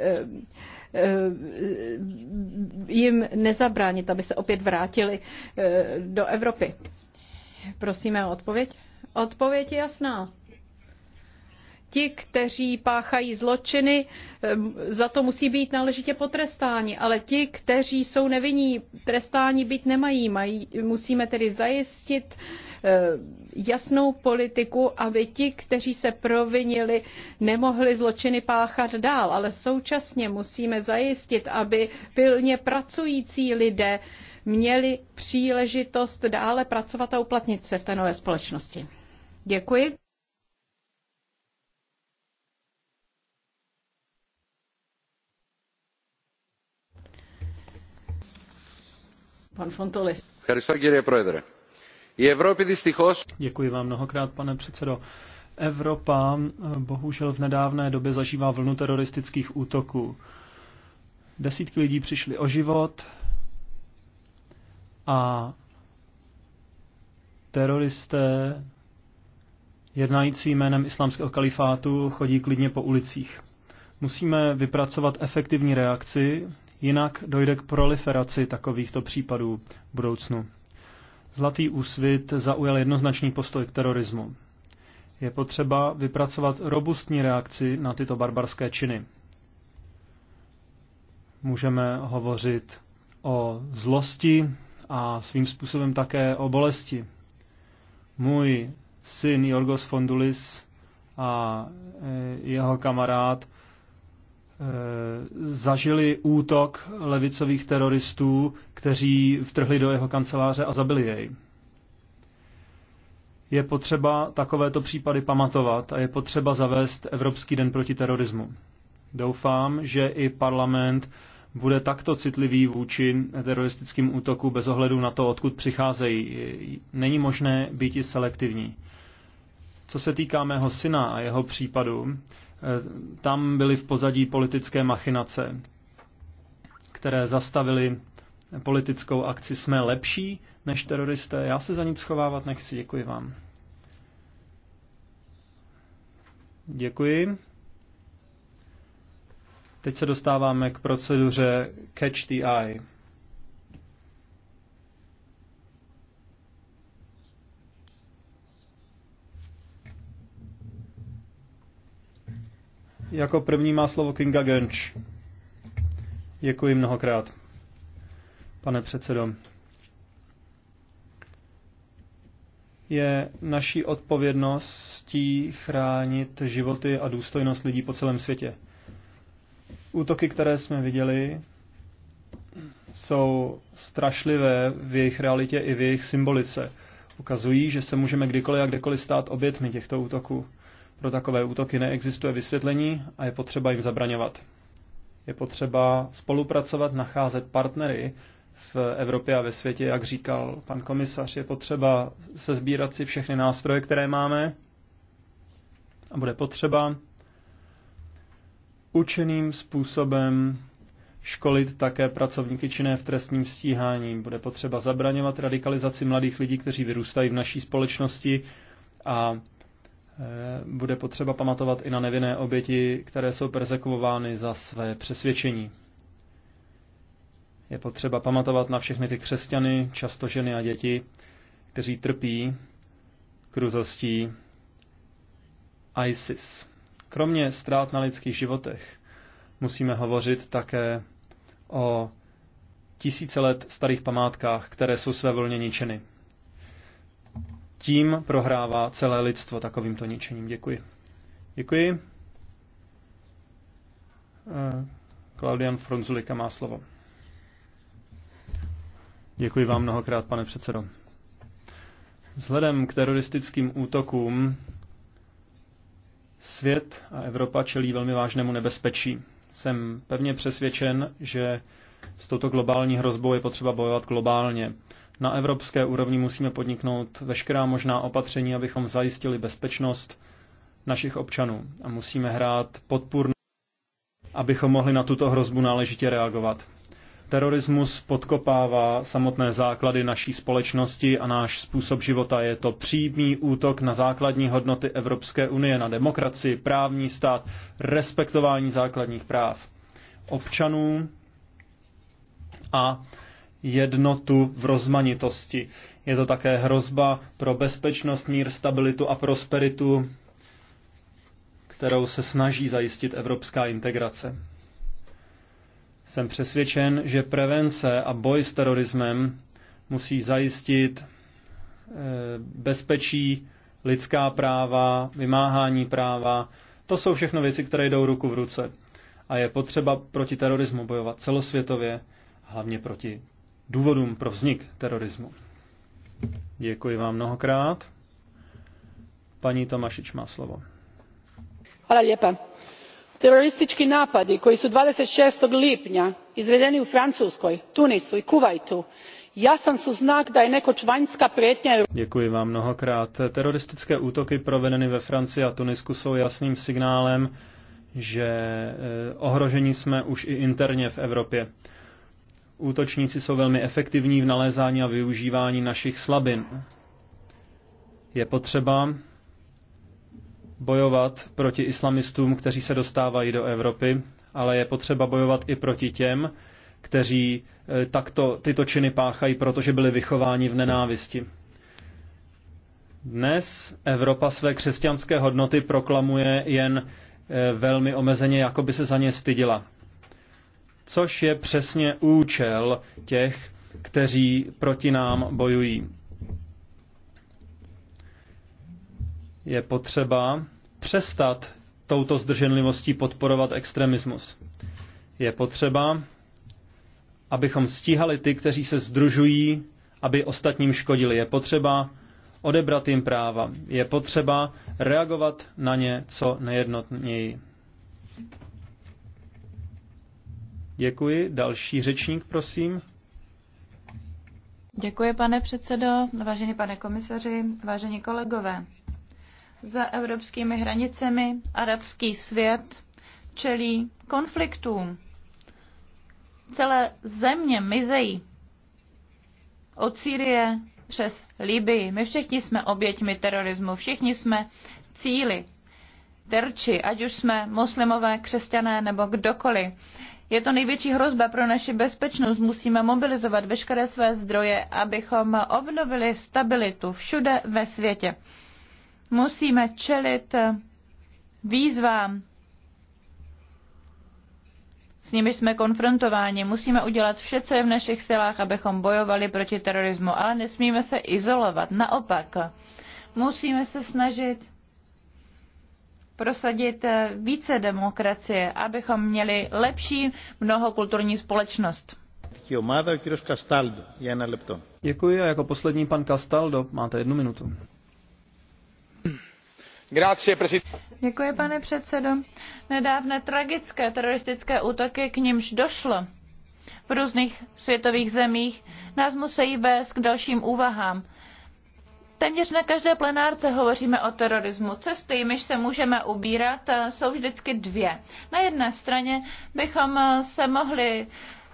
eh, jim nezabránit, aby se opět vrátili do Evropy? Prosíme o odpověď. Odpověď je jasná ti, kteří páchají zločiny, za to musí být náležitě potrestáni, ale ti, kteří jsou nevinní, trestáni být nemají. Mají, musíme tedy zajistit eh, jasnou politiku, aby ti, kteří se provinili, nemohli zločiny páchat dál, ale současně musíme zajistit, aby pilně pracující lidé měli příležitost dále pracovat a uplatnit se v té nové společnosti. Děkuji. Děkuji vám mnohokrát, pane předsedo. Evropa eh, bohužel v nedávné době zažívá vlnu teroristických útoků. Desítky lidí přišly o život a teroristé jednající jménem islámského kalifátu chodí klidně po ulicích. Musíme vypracovat efektivní reakci, Jinak dojde k proliferaci takovýchto případů v budoucnu. Zlatý úsvit zaujal jednoznačný postoj k terorismu. Je potřeba vypracovat robustní reakci na tyto barbarské činy. Můžeme hovořit o zlosti a svým způsobem také o bolesti. Můj syn Jorgos Fondulis a e, jeho kamarád Eh, zažili útok levicových teroristů, kteří vtrhli do jeho kanceláře a zabili jej. Je potřeba takovéto případy pamatovat a je potřeba zavést Evropský den proti terorismu. Doufám, že i parlament bude takto citlivý vůči teroristickým útoku bez ohledu na to, odkud přicházejí. Není možné být i selektivní. Co se týká mého syna a jeho případu, Eh, tam byly v pozadí politické machinace, které zastavily politickou akci. Jsme lepší než teroristé. Já se za nic schovávat nechci. Děkuji vám. Děkuji. Teď se dostáváme k proceduře Catch the Eye. Jako první má slovo Kinga Gönč. Děkuji mnohokrát, pane předsedo. Je naší odpovědností chránit životy a důstojnost lidí po celém světě. Útoky, které jsme viděli, jsou strašlivé v jejich realitě i v jejich symbolice. Ukazují, že se můžeme kdykoliv a kdekoliv stát obětmi těchto útoků. Pro takové útoky neexistuje vysvětlení a je potřeba jim zabraňovat. Je potřeba spolupracovat, nacházet partnery v Evropě a ve světě, jak říkal pan komisař. Je potřeba sezbírat si všechny nástroje, které máme a bude potřeba učeným způsobem školit také pracovníky činné v trestním stíhání. Bude potřeba zabraňovat radikalizaci mladých lidí, kteří vyrůstají v naší společnosti a Eh, bude potřeba pamatovat i na nevinné oběti, které jsou persekuovány za své přesvědčení. Je potřeba pamatovat na všechny ty křesťany, často ženy a děti, kteří trpí krutostí ISIS. Kromě ztrát na lidských životech musíme hovořit také o tisíce let starých památkách, které jsou svévolně ničeny tím prohrává celé lidstvo takovýmto ničením. Děkuji. Děkuji. Eh, Klaudian Fronzulika má slovo. Děkuji vám mnohokrát, pane předsedo. Vzhledem k teroristickým útokům svět a Evropa čelí velmi vážnému nebezpečí. Jsem pevně přesvědčen, že s touto globální hrozbou je potřeba bojovat globálně. Na evropské úrovni musíme podniknout veškerá možná opatření, abychom zajistili bezpečnost našich občanů a musíme hrát podpůrnou, abychom mohli na tuto hrozbu náležitě reagovat. Terorismus podkopává samotné základy naší společnosti a náš způsob života. Je to přímý útok na základní hodnoty Evropské unie, na demokracii, právní stát, respektování základních práv občanů a jednotu v rozmanitosti. Je to také hrozba pro bezpečnost, mír, stabilitu a prosperitu, kterou se snaží zajistit evropská integrace. Jsem přesvědčen, že prevence a boj s terorismem musí zajistit eh, bezpečí, lidská práva, vymáhání práva. To jsou všechno věci, které jdou ruku v ruce. A je potřeba proti terorismu bojovat celosvětově, hlavně proti důvodům pro vznik terorismu. Děkuji vám mnohokrát. Paní Tomašič má slovo. Hvala lijepa. Teroristički napadi koji su 26. lipnja izvedeni u Francuskoj, Tunisu i Kuvajtu jasan su znak da je neko vanjska prijetnja... Děkuji vám mnohokrát. Teroristické útoky provedeny ve Francii a Tunisku jsou jasným signálem, že eh, ohrožení jsme už i interně v Evropě. Útočníci jsou velmi efektivní v nalézání a využívání našich slabin. Je potřeba bojovat proti islamistům, kteří se dostávají do Evropy, ale je potřeba bojovat i proti těm, kteří eh, takto tyto činy páchají, protože byli vychováni v nenávisti. Dnes Evropa své křesťanské hodnoty proklamuje jen eh, velmi omezeně, jako by se za ně stydila což je přesně účel těch, kteří proti nám bojují. Je potřeba přestat touto zdrženlivostí podporovat extremismus. Je potřeba, abychom stíhali ty, kteří se združují, aby ostatním škodili. Je potřeba odebrat jim práva. Je potřeba reagovat na ně co nejednotněji. Děkuji. Další řečník, prosím. Děkuji, pane předsedo, vážený pane komisaři, vážení kolegové. Za evropskými hranicemi arabský svět čelí konfliktům. Celé země mizejí od Sýrie přes Libii. My všichni jsme oběťmi terorismu, všichni jsme cíli, terči, ať už jsme muslimové, křesťané nebo kdokoliv. Je to největší hrozba pro naši bezpečnost. Musíme mobilizovat veškeré své zdroje, abychom obnovili stabilitu všude ve světě. Musíme čelit výzvám, s nimiž jsme konfrontováni. Musíme udělat vše, co je v našich silách, abychom bojovali proti terorismu, ale nesmíme se izolovat. Naopak, musíme se snažit prosadit eh, více demokracie, abychom měli lepší mnohokulturní společnost. Děkuji a jako poslední pan Castaldo, máte jednu minutu. Děkuji, pane předsedo. Nedávné tragické teroristické útoky, k nímž došlo v různých světových zemích, nás musí vést k dalším úvahám. Téměř na každé plenárce hovoříme o terorismu. Cesty, jimiž se můžeme ubírat, eh, jsou vždycky dvě. Na jedné straně bychom eh, se mohli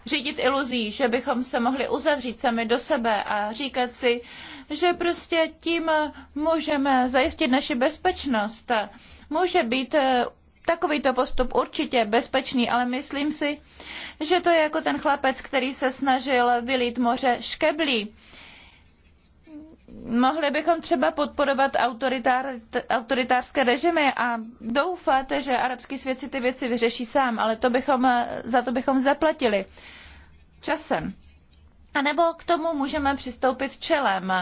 řídit iluzí, že bychom se mohli uzavřít sami do sebe a říkat si, že prostě tím eh, můžeme zajistit naši bezpečnost. Může být takovýto postup určitě bezpečný, ale myslím si, že to je jako ten chlapec, který se snažil vylít moře škeblí mohli bychom třeba podporovat autoritár, autoritářské režimy a doufat, že arabský svět si ty věci vyřeší sám, ale to bychom, za to bychom zaplatili časem. A nebo k tomu můžeme přistoupit čelem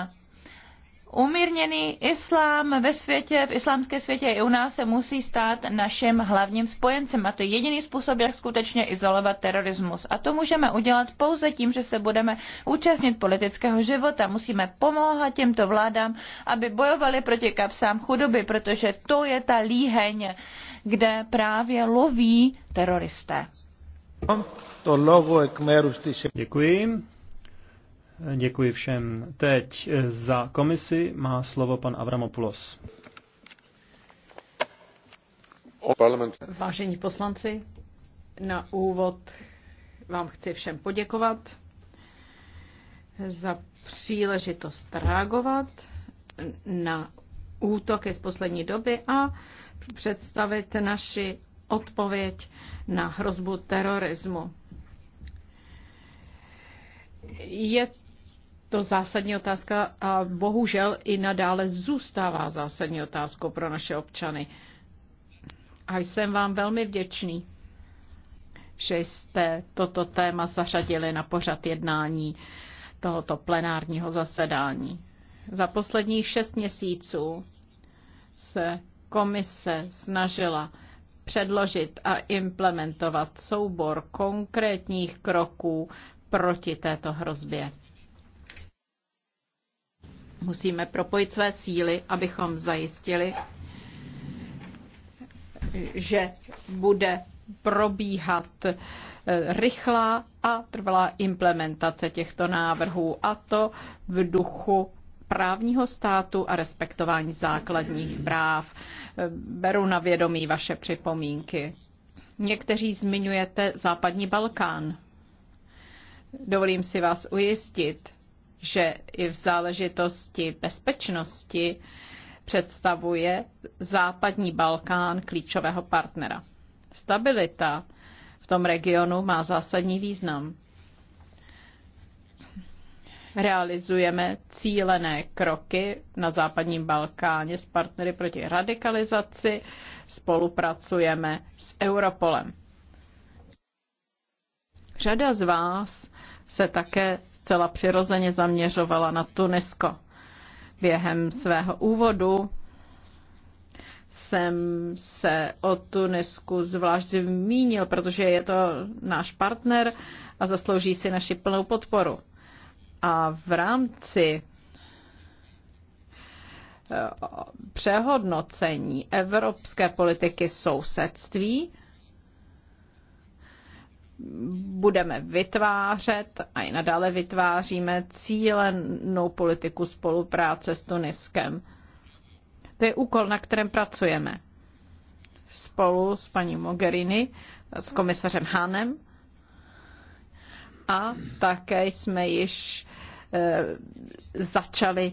umírněný islám ve světě, v islámské světě i u nás se musí stát naším hlavním spojencem. A to je jediný způsob, jak skutečně izolovat terorismus. A to můžeme udělat pouze tím, že se budeme účastnit politického života. Musíme pomáhat těmto vládám, aby bojovali proti kapsám chudoby, protože to je ta líheň, kde právě loví teroristé. Děkuji. Děkuji všem. Teď za komisi má slovo pan Avramopoulos. Vážení poslanci, na úvod vám chci všem poděkovat za příležitost reagovat na útoky z poslední doby a představit naši odpověď na hrozbu terorismu. Je to zásadní otázka a bohužel i nadále zůstává zásadní otázkou pro naše občany. A jsem vám velmi vděčný, že jste toto téma zařadili na pořad jednání tohoto plenárního zasedání. Za posledních šest měsíců se komise snažila předložit a implementovat soubor konkrétních kroků proti této hrozbě. Musíme propojit své síly, abychom zajistili, že bude probíhat eh, rychlá a trvalá implementace těchto návrhů, a to v duchu právního státu a respektování základních práv. Eh, beru na vědomí vaše připomínky. Někteří zmiňujete západní Balkán. Dovolím si vás ujistit, že i v záležitosti bezpečnosti představuje západní Balkán klíčového partnera. Stabilita v tom regionu má zásadní význam. Realizujeme cílené kroky na západním Balkáně s partnery proti radikalizaci, spolupracujeme s Europolem. Řada z vás se také zcela přirozeně zaměřovala na Tunisko. Během svého úvodu jsem se o Tunisku zvlášť zmínil, protože je to náš partner a zaslouží si naši plnou podporu. A v rámci eh, přehodnocení evropské politiky sousedství budeme vytvářet a i nadále vytváříme cílenou politiku spolupráce s Tuniskem. To je úkol, na kterém pracujeme. Spolu s paní Mogherini, s komisařem Hanem a také jsme již eh, začali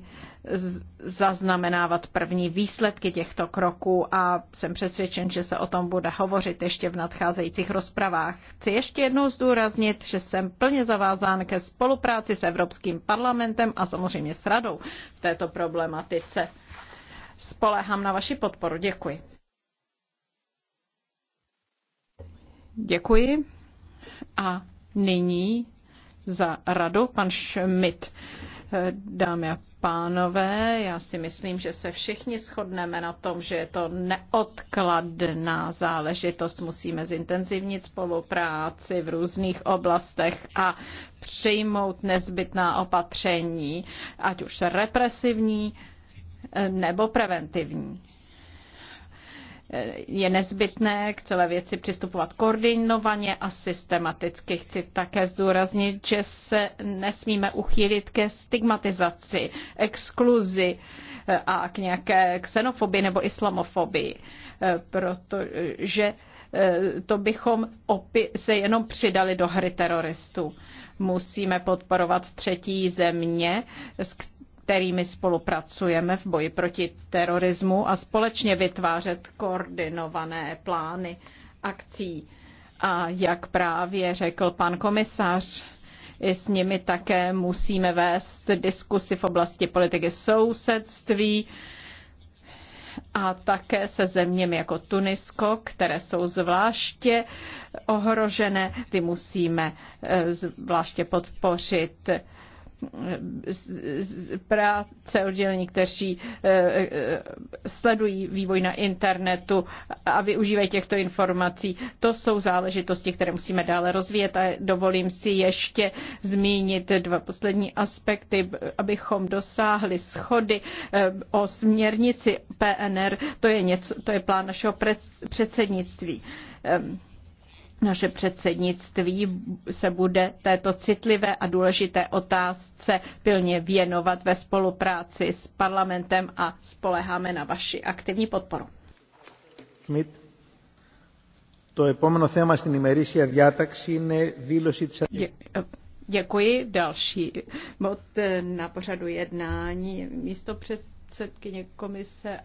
zaznamenávat první výsledky těchto kroků a jsem přesvědčen, že se o tom bude hovořit ještě v nadcházejících rozpravách. Chci ještě jednou zdůraznit, že jsem plně zavázán ke spolupráci s Evropským parlamentem a samozřejmě s radou v této problematice. Spolehám na vaši podporu. Děkuji. Děkuji. A nyní za radu pan Schmidt. Dámy a pánové, já si myslím, že se všichni shodneme na tom, že je to neodkladná záležitost. Musíme zintenzivnit spolupráci v různých oblastech a přijmout nezbytná opatření, ať už represivní nebo preventivní je nezbytné k celé věci přistupovat koordinovaně a systematicky. Chci také zdůraznit, že se nesmíme uchýlit ke stigmatizaci, exkluzi eh, a k nějaké xenofobii nebo islamofobii, eh, protože eh, to bychom se jenom přidali do hry teroristů. Musíme podporovat třetí země, s kterými spolupracujeme v boji proti terorismu a společně vytvářet koordinované plány akcí. A jak právě řekl pan komisař, s nimi také musíme vést diskusy v oblasti politiky sousedství a také se zeměmi jako Tunisko, které jsou zvláště ohrožené, ty musíme eh, zvláště podpořit práce oddělení, kteří eh, eh, sledují vývoj na internetu a využívají těchto informací. To jsou záležitosti, které musíme dále rozvíjet a dovolím si ještě zmínit dva poslední aspekty, abychom dosáhli schody eh, o směrnici PNR. To je, něco, to je plán našeho předsednictví ehm, naše předsednictví se bude této citlivé a důležité otázce pilně věnovat ve spolupráci s parlamentem a spoleháme na vaši aktivní podporu. To Děkuji. Další bod na pořadu jednání místo předsedkyně komise